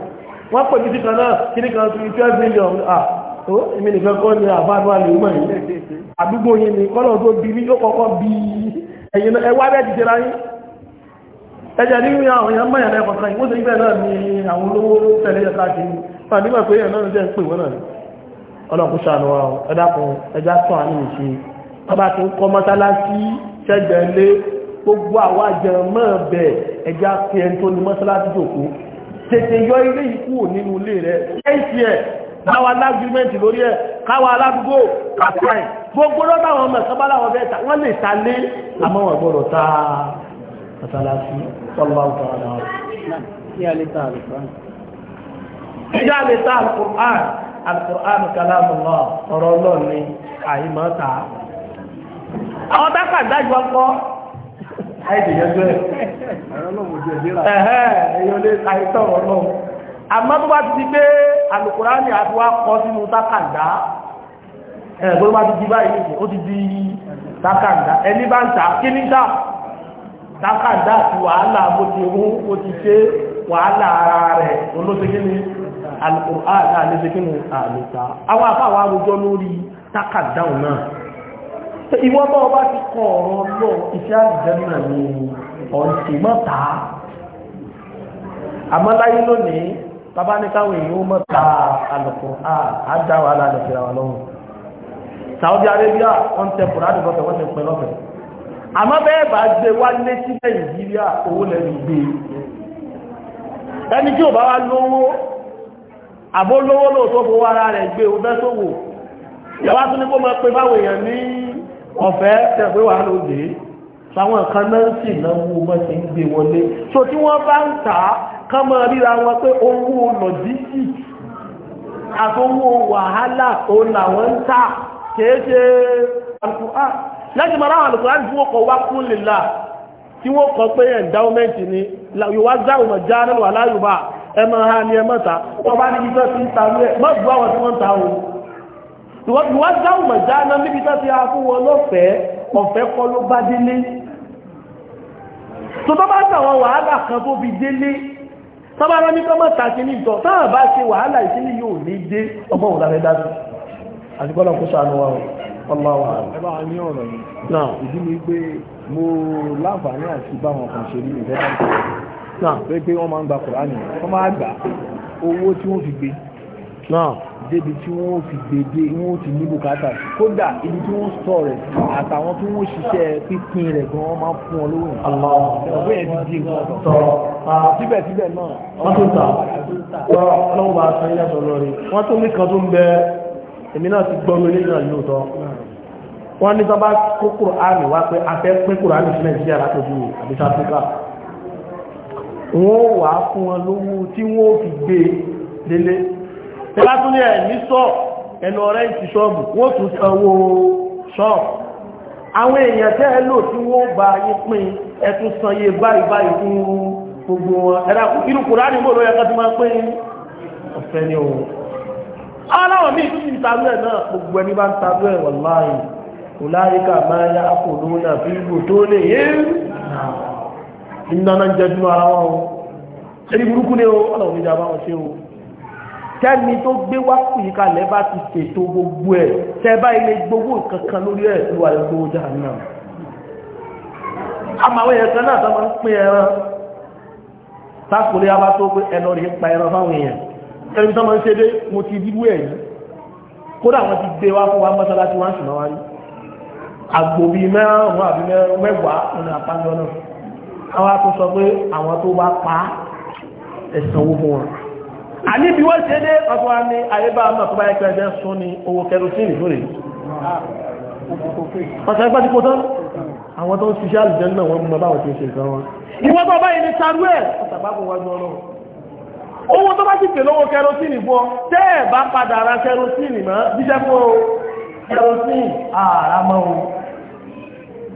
wọ́n pè ní síkan náà kí ní kan tún twelve million ah tó èmi nìkan kọ́ ní àbáàdúrà lè mọ̀ yìí àdúgbò yìí ni kọ́lọ̀ tó bí ní ó kọ́kọ́ bí ẹ̀yìn ẹwà bẹ́ẹ̀ ti ṣe ẹjẹ́ ní àwọn èèyàn mẹ́yàn lẹ́kọ̀ọ́ kan ìwọ́n tẹ́lẹ̀ náà ni àwọn olówó tẹ̀lé ẹ̀ká kí ní pàdígbà pé èèyàn náà jẹ́ ń pè wọ́n náà ọlọ́kùn ṣàánúwà ẹ̀dàkùn ẹjá tún àní ìṣe ọba tó kọ́ mọ́sálásí ṣẹ́gbẹ̀lé gbogbo àwọn àjẹmọ́ bẹ̀ ẹjá fi ẹni tó ní mọ́sálásí tòkó tètè yọ ilé ikú nínú ilé rẹ̀ ẹ̀ṣì ẹ̀ káwa lágbímẹ́ǹtì lórí ẹ̀ káwa aládùúgbò kàtàì gbogbo lọ́dọ̀ àwọn ọmọ ẹ̀sán bá láwọn bẹ́ẹ̀ ta wọ́n lè ta lé àmọ́ wọn mọ́sálásí wallahu ta'ala ní alẹ́ta alùpùrán ẹjọ́ alẹ́ta alùpùrán alùpùrán kalamullah ọ̀rọ̀ ọlọ́run ni àìmọ́ta àwọn dákà dájú ọkọ́ àìdìyànjú ẹ̀ ẹ̀yọ́ lé àìsàn ọlọ́run àmọ́ tó bá ti di pé alùpùrán ni àti wá kọ́ sínú tákàndá ẹ̀ bó bá ti di báyìí ó ti di tákàndá ẹni bá ń ta kí ní sáà tákàdá àti wàhálà bó ti rú ó ti ṣe wàhálà ara rẹ̀ olóṣèkínú alukóhálà alẹ́ṣẹ́kínú àlùkà àwọn afáwà àwùjọ lórí tákàdá náà ìwọ́n bá ọba ti kọ ọ̀rọ̀ lọ iṣẹ́ àjẹ́mà ni ọ̀ǹtì mọ́ta àmọ́láyé lónìí bàbá ní káwọn èèyàn mọ́ta alukóhálà àdáwà alẹ́ Saudi Arabia wọ́n tẹ kùrádùn bọ́tẹ̀ wọ́n tẹ pẹ́ lọ́fẹ̀ẹ́ àmọ́ bẹ́ẹ̀ bá gbé wá lé sí nàìjíríà owó lẹ́nu gbé ẹni tí ò bá wá lówó àbó lówó lóòótọ́ fowó ara rẹ̀ gbé o bẹ́ sówò ìyàwó tún ní kó máa pe báwọn èèyàn ní ọ̀fẹ́ tẹ̀pẹ́ wà lóde sáwọn kan náà sì náwó wọ́n ti gbé wọlé so tí wọ́n bá ń tà á kán ríra wọn pé owó lọ́jísì àtowó wàhálà òun làwọn ń tà kìí láti mara àwọn alùpùpù tí wọ́n kọ wá kún lèlá tí wọ́n kọ pé endowment ni yòówá záwùmọ̀ já nínú aláyùbá ẹmọ ha ni ẹmọ ta wọ́n bá níbi tó ti ń ta rú ẹ̀ má gbọ́ àwọn tí wọ́n ń ta o yòówá záwùmọ̀ já náà níbi tó ti ha fún wọn lọ́fẹ̀ẹ́ ọ̀fẹ́ kọ́ ló bá délé tó tó bá sàwọn wàhálà kan tó fi délé tọ́bá rán ní tọ́mọ̀ tàkí ní ìtọ̀ táà bá ṣe wàhálà ìsílẹ̀ yóò ní dé ọgbọ́n òdàrẹ́dájú àti ọláwà ẹ bá ní ọ̀rọ̀ yìí náà ìdí ni pé mo láǹfààní àti bá wọn kàn ṣe ní ìfẹ́ bá ń tẹ̀ náà pé pé wọ́n máa ń gba kùránì wọ́n máa gbà owó tí wọ́n fi gbé náà débi tí wọ́n fi gbé dé wọ́n ti ní bùkátà kódà ibi tí wọ́n sọ rẹ̀ àtàwọn tí wọ́n ṣiṣẹ́ pínpín rẹ̀ gan wọ́n máa fún ọ lóhùn ọ̀gbẹ́ yẹn ti di nǹkan tọ́ síbẹ̀síbẹ̀ náà wọ́n tó ta wọ́n lọ́wọ́ bá a sọ ilé ẹ̀sọ́ lórí wọ́n tó ní kan tó ń bẹ èmi náà ti gbọ́ mi nígbà yóò tọ́ wọ́n ní tọ́bá kó kùránì wá pé afẹ́ pín kùránì sí nàìjíríà látọ̀jú àbíṣà áfíríkà wọ́n wà fún wọn lówó tí wọ́n fi gbé délé tẹ́lá tún ní ẹ̀ ní sọ ẹnu ọ̀rẹ́ ìtì ṣọ́ọ̀bù wọ́n tún sanwó ṣọ́ọ̀bù àwọn èèyàn tẹ́ ẹ lò tí wọ́n bá yí pín ẹ tún san iye báyìí báyìí fún gbogbo wọn ẹ̀dá inú kùránì mọ́ ló yẹ máa pín ọ̀fẹ́ ni òun aláwọ̀ míì tún ti ń tarú ẹ̀ náà gbogbo ẹni bá ń tarú ẹ̀ wọ̀láyìí ọláríkà máa yá àkòdó náà fi gbò tó lè yé iná náà jẹ́jú ara wọn o ẹni burúkú ní o ọlọ́run ní ìjàmbá wọn ṣe o tẹ́ni tó gbé wá yìí kalẹ̀ bá ti ṣètò gbogbo ẹ̀ tẹ́ bá ilé gbogbo kankan lórí ẹ̀ ló wà lọ́wọ́ jahannam àmàwé ẹ̀kan náà tó máa ń pín ẹran tákùlé abá tó pé ẹnà rí pa ẹran fáwọn èèyàn ẹni tó máa ń ṣe dé mo ti dúró ẹ̀yìn kódà wọn ti gbé wá fún wa mọ́sálásí wọn ṣùgbọ́n wá rí àgbò bíi mẹ́rànmọ́ àbí mẹ́wàá ọ̀nà àpájọ náà àwọn tó sọ pé àwọn tó bá pa ẹ̀sàn owó fún wọn àníbi wọ́n ṣe dé ọ̀tọ́ wa ní àyébá àmà tó bá yẹ kẹjẹ sún ní owó kẹrosínì lórí ọ̀sẹ̀ ẹgbẹ́ ti kó tán àwọn tó ń ṣiṣẹ́ àlùjẹ́ náà wọ́n mú báwọn ti ṣe nǹkan wọn ìwọ́n tó báyìí ní sarú ẹ̀ ọ̀sàbákùn wájú ọlọ́run owó tó bá sì pè lówó kẹrosínì fún ọ tẹ́ ẹ̀ bá padà ra kẹrosínì mọ́ jíṣẹ́ fún kẹrosínì àràmọ́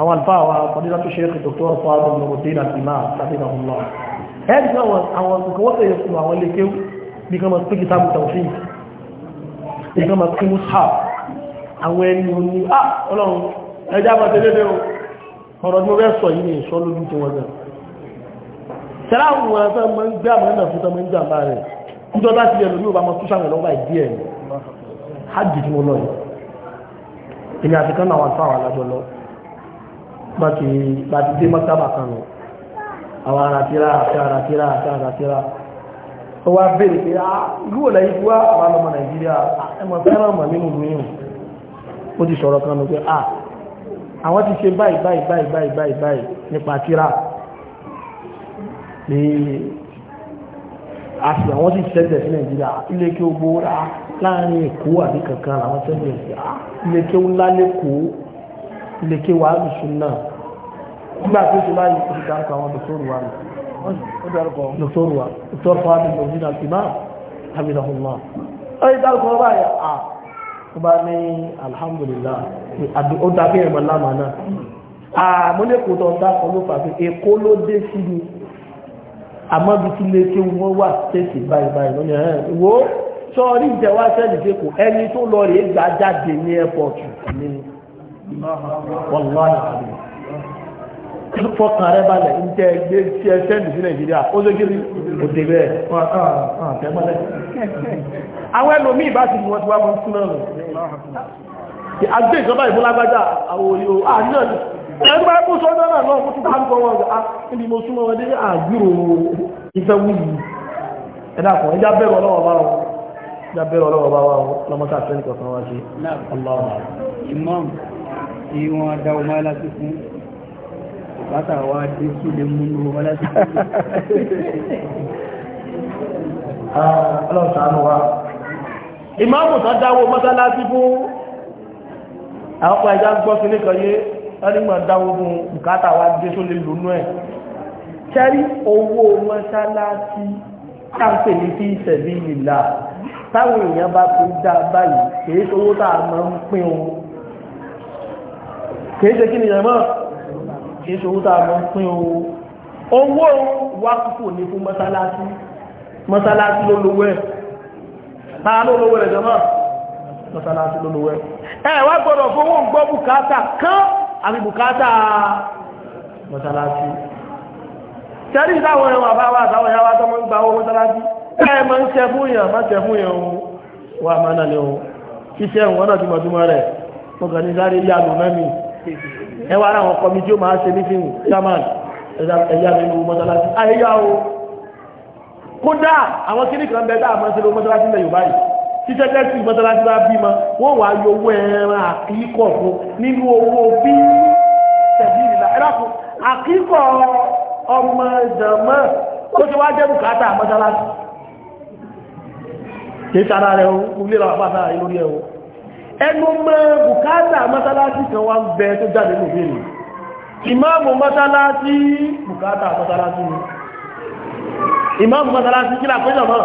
àwọn àlùfáà wa kọ̀dílá tu ṣe é dr fáwọn nurudin àtìmá àtàbíkà ọmọ ẹ̀ẹ́dì fún àwọn nǹkan wọ́n tẹ̀yẹ fún àwọn ilé kéwú bí kan máa pé kìtà mú tàwọn fíìmù bí kan máa pé mú sáà àwọn ẹni oní ah ọlọ́run ẹjá máa tẹ́lẹ̀ o ọ̀rọ̀ tí mo fẹ́ sọ yìí ní ìṣọ́ lójú tí wọ́n gan tẹ́lá àwọn ọ̀rọ̀ tó máa ń gbé àmọ́ ẹ̀nà fún tọmọ ìjà bá rẹ̀ nítorí bá ti ẹlòmí òbá máa túṣàmì lọ́wọ́ ìdí ẹ̀ hajj tí mo lọ yìí èmi àti kan náà wà fáwọn alájọ lọ bàtí bàtí dé mọ́tàbà kan nù àwọn àràtíra àti àràtíra àti àràtíra ó wá bèèrè pé ìlú ọ̀lẹ́ ikú wá àwọn ọmọ nàìjíríà ah, ẹmọ fẹ́ràn mọ̀ nínú mìíràn ó ti sọ̀rọ̀ kan nù pé à ah, àwọn ti ṣe báyìí báyìí báyìí báyìí báyìí báyìí nípa tíra pé àti àwọn ti ṣẹlẹ̀ sí nàìjíríà ilé kí ó gbó láàrin èkó àbí kankan àwọn tẹ́lẹ̀ ah, ilé kí ó ńlá lẹ́kọ̀ọ́ ilé ké wàá lùsùn náà nígbà tó ṣe báyìí ó ti dárúkọ àwọn dòktóru wa dòktóru wa dòktóru wa ni lòdì náà ti máa hamidahulma ó ti dárúkọ wọn báyìí à ó bá ní alhamdulillah ó dàbí ẹ̀mọ́ lámà náà àmúlẹ́kùn tó ń dákọ̀ ló fà fi èkó ló dé sí mi àmọ́ bí tí lè tí wọ́n wà tẹ́sì báyìí báyìí lọ́nà ẹ̀ wo sọ orí ìjẹwà sẹ́lì tí ẹni tó lọ rèé gbà jáde ní airport ní wàláyé fọkàn rẹ balẹ̀ ń tẹ gbé tí ẹ sẹ́ndì sí nàìjíríà ó ló gírí òdè bẹ́ẹ̀ tẹ́gbọ́lẹ̀ àwọn ẹlòmíì bá ti wọ́n ti wá fún náà rẹ̀ àgbé ìjọba ìbúlágbájá àwọn òyò àríyàn ẹgbẹ́ kó sọ́jọ́ náà lọ́wọ́ tó bá ń kọ́ wọn níbi mo súnmọ́ wọn dé àgbúrò ah wúyì ẹ̀dàkùn ẹjá bẹ̀rọ lọ́wọ́ bá wọn ẹjá bẹ̀rọ lọ́wọ́ bá wọn lọ́mọ́ta tẹ́nìkọ̀ọ́ tí wọ́n dá ọmọ aláṣẹ fún bàtà wá dé sí lè mú ọmọ aláṣẹ (laughs) ah, ọlọ́sàánú wa ìmáàmù tó dáwó mọ́sálásí fún àwọn ọ̀pọ̀ ẹ̀já gbọ́ sí nìkan yé ọ́nìmọ̀ dáwó fún bùkátà wá dé sí lè lónú ẹ̀ kẹ́rí owó mọ́sálásí káàpẹ̀ ní fi ìṣẹ̀lẹ̀ ìlà táwọn èèyàn bá tó dá báyìí kìí sówó tàà mọ́ ń pín ohun kìí ṣe kí ni ẹ̀mọ́ kìí ṣe owó tàà mọ́ pín owó owó wákùkù ní fún mọ́sálásí mọ́sálásí lólówó ẹ̀ máa lólówó rẹ̀ jọmọ́ mọ́sálásí lólówó ẹ̀ ẹ̀ wá gbọ́dọ̀ fowó gbọ́ bùkátà kán àbí bùkátà mọ́sálásí tẹ́rí ìdáwọn ẹ̀wọ̀n àbáwá àtàwọn ìyáwá tó mọ́ ń gba owó mọ́sálásí ẹ̀ mọ́ ń ṣe fún yàn má ṣe wà má náà ni ẹ wá ara àwọn kọmi tí ó máa ṣe nífin chairman ẹ̀yà mi lu mọ́sálásí àyíyá o kódà àwọn kíní kan bẹ́ẹ̀ dáa máa ṣe lu mọ́sálásí lẹ́yìn báyìí títẹ́ tẹ́sí mọ́sálásí bá bí ma wọ́n wàá yọ owó ẹran àkíkọ̀ fún nínú owó bí tẹ̀bí ìlà ẹ̀rọ àkíkọ̀ ọmọ ìdàmọ́ ó ti wá jẹ́ bùkátà mọ́sálásí kì í sára rẹ̀ ó kúlé làwọn bá sára yìí lórí ẹ̀ o. ẹnu mọ́ bukata masalasi kan wá ń bẹ tó jáde ní ìlú ìmáàmù bukata bùkátà mọ́sálásí ni ìmáàmù mọ́sálásí kí làpẹ́jọ mọ́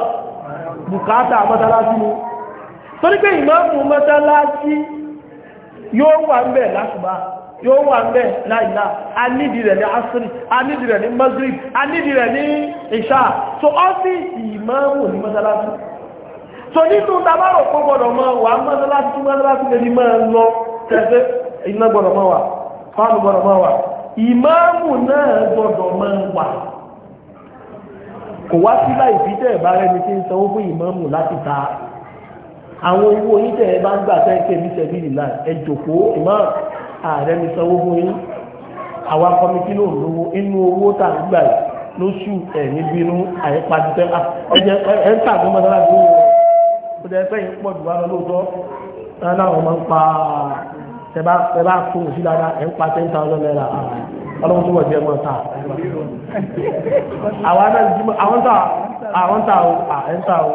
bùkátà mọ́sálásí ni torí pé ìmáàmù yóò wà ń bẹ yóò wà ń bẹ láìlá a nídi rẹ̀ ní asiri a nídi rẹ̀ ní a so ọ́fíìsì tó nínú tabarò kó gbọdọ̀ máa wà mọ́sálásí tí mọ́sálásí lè ní máa lọ tẹ̀sẹ̀ iná gbọdọ̀ máa wà fáànù gbọdọ̀ máa wà ìmáàmù náà gbọdọ̀ wà kò wá sí láì bá rẹni tí ń sanwó fún ìmáàmù láti ta àwọn owó yín tẹ̀ bá ń gbà mi ìlà ẹ ìmáàmù ààrẹ mi sanwó fún yín àwa ló ń lówó inú owó ń kò dẹ̀ fẹ́ yìí pọ̀ jù wá lọ lóòótọ́ láwọn máa ń pa tẹ́bá fún òsì lára ẹ̀ ń pa ten thousand naira ọlọ́run tó wọ̀ jẹ́ mọ́ ta àwọn ta àwọn ta o ẹ̀ ń ta o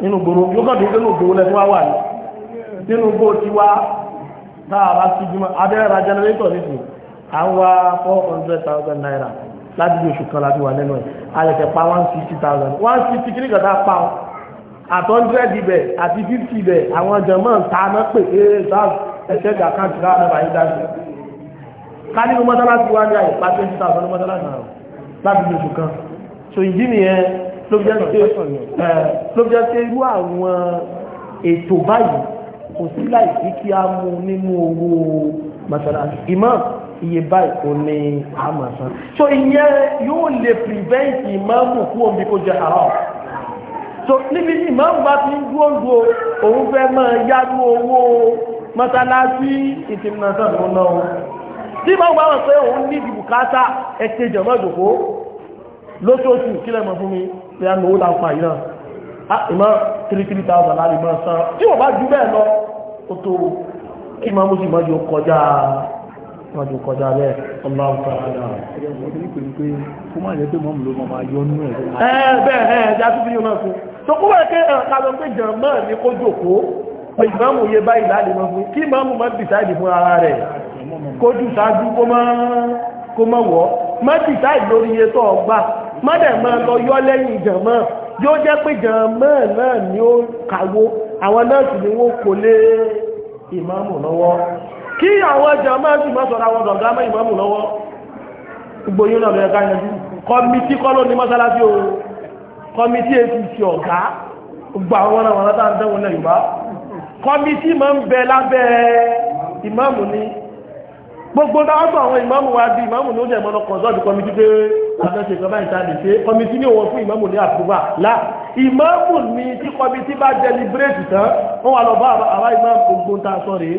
nínú gbòòrò yóò kàn dúró nínú gbòòrò lẹ́nu wá wà ní nínú gbòòrò tiwa tá a bá ti jùmọ̀ abẹ́rẹ́ ra jẹnẹrétọ̀ nísìnyí à ń wá four hundred thousand naira láti bí oṣù kan láti wà nínú ẹ̀ a lè fẹ́ pa one sixty thousand one sixty kí pa ọ́ àtọ́ndrẹ́d ibẹ̀ àti fífì ibẹ̀ àwọn jẹ̀mọ́ ń ta náà pè é sáà ẹ̀ṣẹ́ ìgbà kan ti ráàmù báyìí dájú ká nínú mọ́tálásí wá ní àyè pa twenty thousand ní mọ́tálásí náà láti ní oṣù kan so ìdí nìyẹn ló jẹ́ pé irú àwọn ètò báyìí kò sí láìsí kí a mú nínú owó mọ́tálásí ìmọ̀ iye báyìí kò ní àmọ̀ san so ìyẹn yóò lè prevent ìmọ̀ mú kú omi kó jẹ́ so níbi tí ìmáàmù bá ti ń dúró dúró òun fẹ́ máa yájú owó mọ́sálásí ìtìmọ̀nà sàn ló náà tí ìmáàmù bá wọ̀n pé òun ní ìdìbò káàtà ẹ̀kẹ́ jọ̀mọ́ ìdòkó lóṣooṣù kílẹ̀ mọ̀ fún mi pé a lówó láǹfà yìí náà three three thousand láti mọ̀ san tí wọ́n bá ju bẹ́ẹ̀ lọ wọ́n ti kọjá bẹ́ẹ̀ ọlọ́ọ̀ta àdá. ẹ̀ẹ́dẹ̀ ẹ̀ẹ́dẹ̀ àtúntò yóò náà fún tó kó wẹ́ pé ẹ̀ẹ́dẹ̀ pé jẹ̀mọ́ ní kó jòkó pé ìmáàmù yé báyìí láàrín mọ́ fún kí ìmáàmù má dìsáìdì fún ara rẹ̀ kó jù sáájú kó má wọ́ má dìsáìdì lórí iye tó ọgbà má dẹ̀ má lọ yọ lẹ́yìn jẹ̀mọ́ yóò jẹ́ pé jẹ̀mọ́ náà ni ó kàwó àwọn náà sì ni wọ́n kò lé ìmáàmù lọ́wọ́ kí àwọn ọjà máa sì máa sọ̀rọ̀ àwọn ọ̀gá mẹ́ ìmọ̀mù lọ́wọ́ gbogbo yóò náà lọ́yẹ̀ká yanjú kọmití kọ́lọ́ ní mọ́sálásí o kọmití èsì ti ọ̀gá gbogbo àwọn ọ̀nà wọn látà ń dẹ́wọ̀n náà yorùbá kọmití máa ń bẹ lábẹ́ ìmọ̀mù ni gbogbo dáwọ́sọ̀ àwọn ìmọ̀mù wa di ìmọ̀mù ní ó jẹ́ ìmọ̀nà kọ̀ǹsọ́ọ̀tì kọmití pé àfẹ́sẹ̀ ìjọba ìtàlẹ̀ ṣe kọmití ní òun fún ìmọ̀mù ní àpúgbà lá ìmọ̀mù ni tí kọmití bá deliberate tán wọ́n wà lọ bá àbá ìmọ̀mù gbóǹta sọ rèé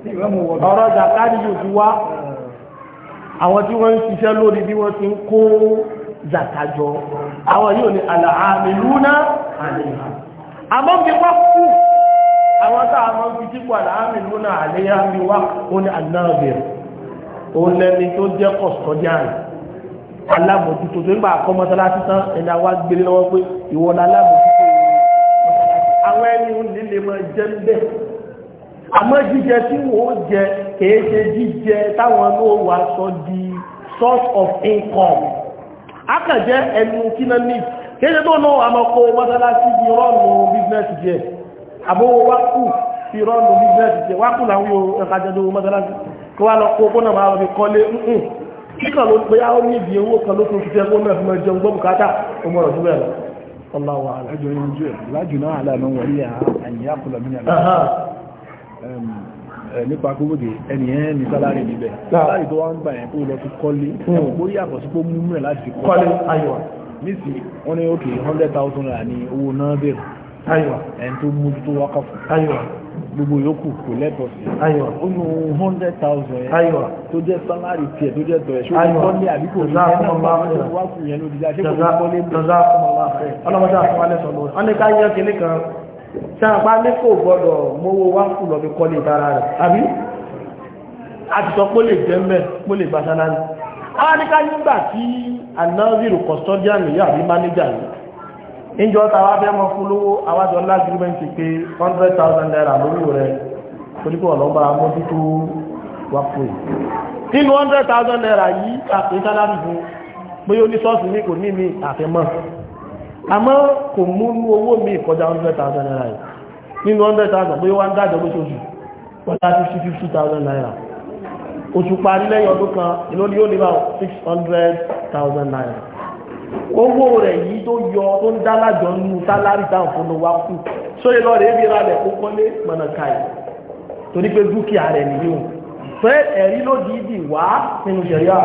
ọ̀rọ̀ zakari yóò ti wá àwọn tí wọ́n ń ṣiṣẹ́ lórí bí wọ́n ti ń kó zakajọ àwọn yóò ní àlàámìlúná àlèyà àmọ́ bí wọ́n kú àwọn tá a mọ́ fi dípò àlàámìlúná àlèyà bí wá ó ní àlàábìr ó lẹ́ni tó jẹ́ kọ̀sọ́díàn alábòjútó tó nígbà àkọ́mọ́sálásí tán ẹ̀dá wá gbélé lọ́wọ́ pé ìwọ́n alábòjútó àwọn ẹni ń líle máa jẹ́ bẹ́ẹ̀ àmọ́ jíjẹ tí wò ó jẹ kìí ṣe jíjẹ táwọn ló wà sọ di source of income akànjẹ ẹnu kí náà ní kìí ṣe tó náà àmọ́ mọ́sálásí di rọ́ọ̀nù bísínẹ́sì jẹ àbówó wákù fi rọ́ọ̀nù bísínẹ́sì jẹ wákù làwọn ẹ̀ka mọ́sálásí kó wá lọ fi Eh, nípa gbogbo ẹniyàn ní sálárì níbẹ̀ sálárì tó wá ń gbà yẹn kó lọ fi kọ́lé hmm. ẹ̀wọ̀n yàtọ̀ sí pé múmú ẹ̀ láti kọ́lé ayọ̀ nísì wọ́n ní òkè hundred thousand naira ní owó náà bẹ̀rẹ̀ ayọ̀ ẹni tó mójú tó wákọ̀ fún ayọ̀ gbogbo yòókù kò lẹ́tọ̀ sí ayọ̀ ó nu hundred thousand yẹn ayọ̀ tó jẹ́ sálárì tiẹ̀ tó jẹ́ tọ̀ ẹ̀ ṣé kò kọ́lé àbí kò ní ẹ̀ náà bá wá sáàpá ní kò gbọ́dọ̀ mówó wá kù lọ bí kọ́lé ìbára rẹ̀ àbí àti sọ pólè jẹ́mẹ̀ pólè gbásánárì aláríká nígbà tí anazir custodian yà bí mánéjà yìí níjọ́ tàwà fẹ́ mọ́ fún lówó àwájọ lágbírímẹ́ntì pé 100,000 naira lórí rẹ̀ torípé ọ̀lọ́gbà mójútó wà fún yìí nínú 100,000 naira yìí àpéjálárì fún bóyá oníṣọ́ọ̀sì ní kò ní ní àfẹ́mọ́ àmọ́ kò mú owó mi kọjá 100,000 naira nínú 100,000 bóyá wá ń dájọ́ lóṣooṣù kọjá 50,000 naira oṣù parí lẹ́yìn ọdún kan ìlóní ó níbà 600,000 naira owó rẹ̀ yìí tó yọ tó ń dá lájọ nínú sálárì táwọn fún wa kú sóyè lọ rèé bí ra rẹ̀ kó kọ́lé mọ̀nà káì torí pé dúkìá rẹ̀ nìyí pé ẹ̀rí ló dìídì wá nínú ṣẹ̀ríà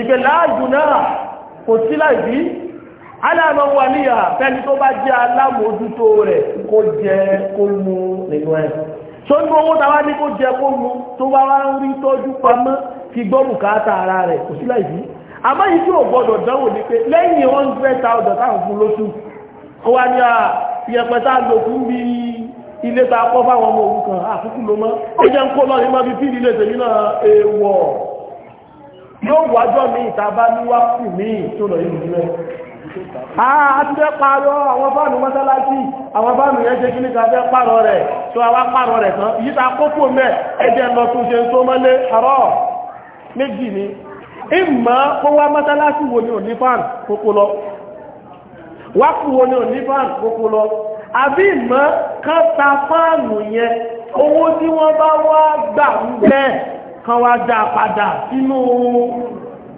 ìpè láàjù náà kò sí láì aláàmọ́ wà níyà fẹ́ni tó bá jẹ́ alámòójútó rẹ̀ kó jẹ kó mú nínú ẹ̀ tó ní owó tàwa ní kó jẹ kó mú tó bá wá ń rí tọ́jú pamọ́ fi gbọ́mù káàtà ara rẹ̀ kò sílẹ̀ yìí àmọ́ yìí tí ò gbọ́dọ̀ dánwò ní pé lẹ́yìn one hundred thousand táwọn fún lóṣù kó wá ní ìyẹ̀pẹ̀ tá a lò fún bí ilé tá a fáwọn ọmọ òun kan àfikún ló mọ́ ó jẹ́ ń kó lọ́ọ́ ní bí fíìlì ilé tèmi náà èèwọ̀ yóò wájọ́ mi ìta bá ní wá kù mí tó lọ yìí nílẹ̀ àti ah, pààrọ̀ àwọn fáànù mọ́sálásí àwọn fáànù yẹn ṣe kíní kan fẹ́ pààrọ̀ rẹ̀ tó àwa pààrọ̀ rẹ̀ tán yìí ta kókó mẹ́ ẹjẹ́ lọ tún ṣe tó mọ́lé àrọ́ méjì ni ìmọ̀ kó wá mọ́sálásí wo ni ò ní fáànù kókó lọ wákù wo ni ò ní fáànù kókó lọ àbí ìmọ̀ kan ta fáànù yẹn owó tí wọ́n bá wá gbà ń bẹ́ẹ̀ kan wá dá padà sínú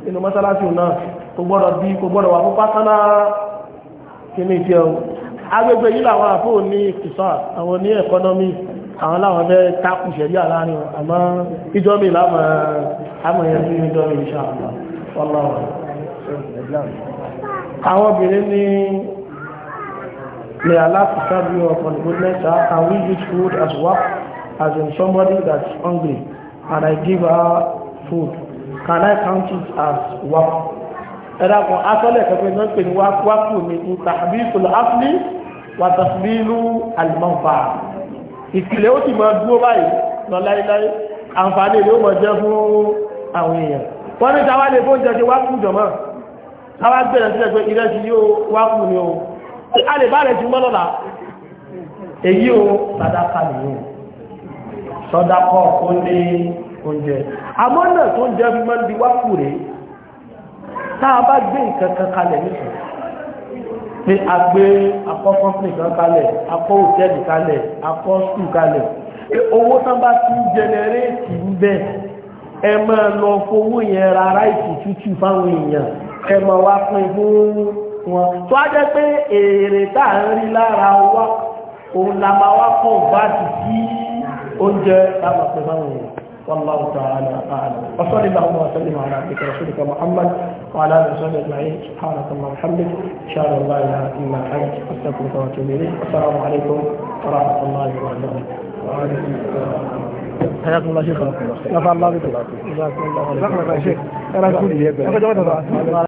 inú mọ́sálásí náà kò gbọ́dọ̀ bí kò gbọ́dọ̀ wà fún pásánà kìíní ìjẹ́ o agbègbè yìí làwọn àfò ní ìkìsọ́ àwọn ní ẹ̀kọ́nọ́mì àwọn láwọn fẹ́ tápù ṣẹ̀rí àláàrin àmọ́ ìjọ́mì lámọ̀ àmọ̀yẹ̀ ìjọ́mì ìṣà you upon goodness uh, and we use food as work as in somebody that's hungry and I give her food can I count it as work ẹ̀dàkùn asọ́lẹ̀ kẹfẹ́ náà pè ní wákù ní tàbíkù láfíì wà tàbílù àlùmọ́fà ìpìlẹ̀ ó ti mọ dúró báyìí lọ láíláí àǹfààní ìlú mọ̀ jẹ́ fún àwọn èèyàn wọ́n ní tàwa lè fóúnjẹ ti wákù jọ̀mọ́ táwa gbẹ̀rẹ̀ sílẹ̀ pé ìrẹsì yóò wákù ni o a lè bá rẹ̀ ti mọ́ lọ́la èyí o sàdákà nìyẹn sọdákọ̀ ó ní oúnjẹ tá a bá gbé nǹkan kan kalẹ̀ nìkan pé a gbé akọ́ kọ́mpìnì kan kalẹ̀ akọ́ hòtẹ́ẹ̀lì kalẹ̀ akọ́ skul kalẹ̀ owó tán bá ti jẹnẹrétì ń bẹ̀ ẹ máa lọ fowó yẹn rárá ìtìtútù fáwọn èèyàn ẹ máa wá pín fún wọn tó á jẹ́ pé èrè tá à ń rí lára wa òun la máa wá kọ̀ bá ti sí oúnjẹ táwọn pè fáwọn èèyàn. والله تعالى أعلم وصل اللهم وسلم على عبدك رسولك محمد وعلى آله وصحبه أجمعين سبحانك اللهم وبحمدك أشهد أن لا إله إلا أنت أستغفرك وأتوب إليك والسلام عليكم ورحمة الله وبركاته وعليكم السلام حياكم الله شيخ نفع الله بكم جزاكم الله خير شيخ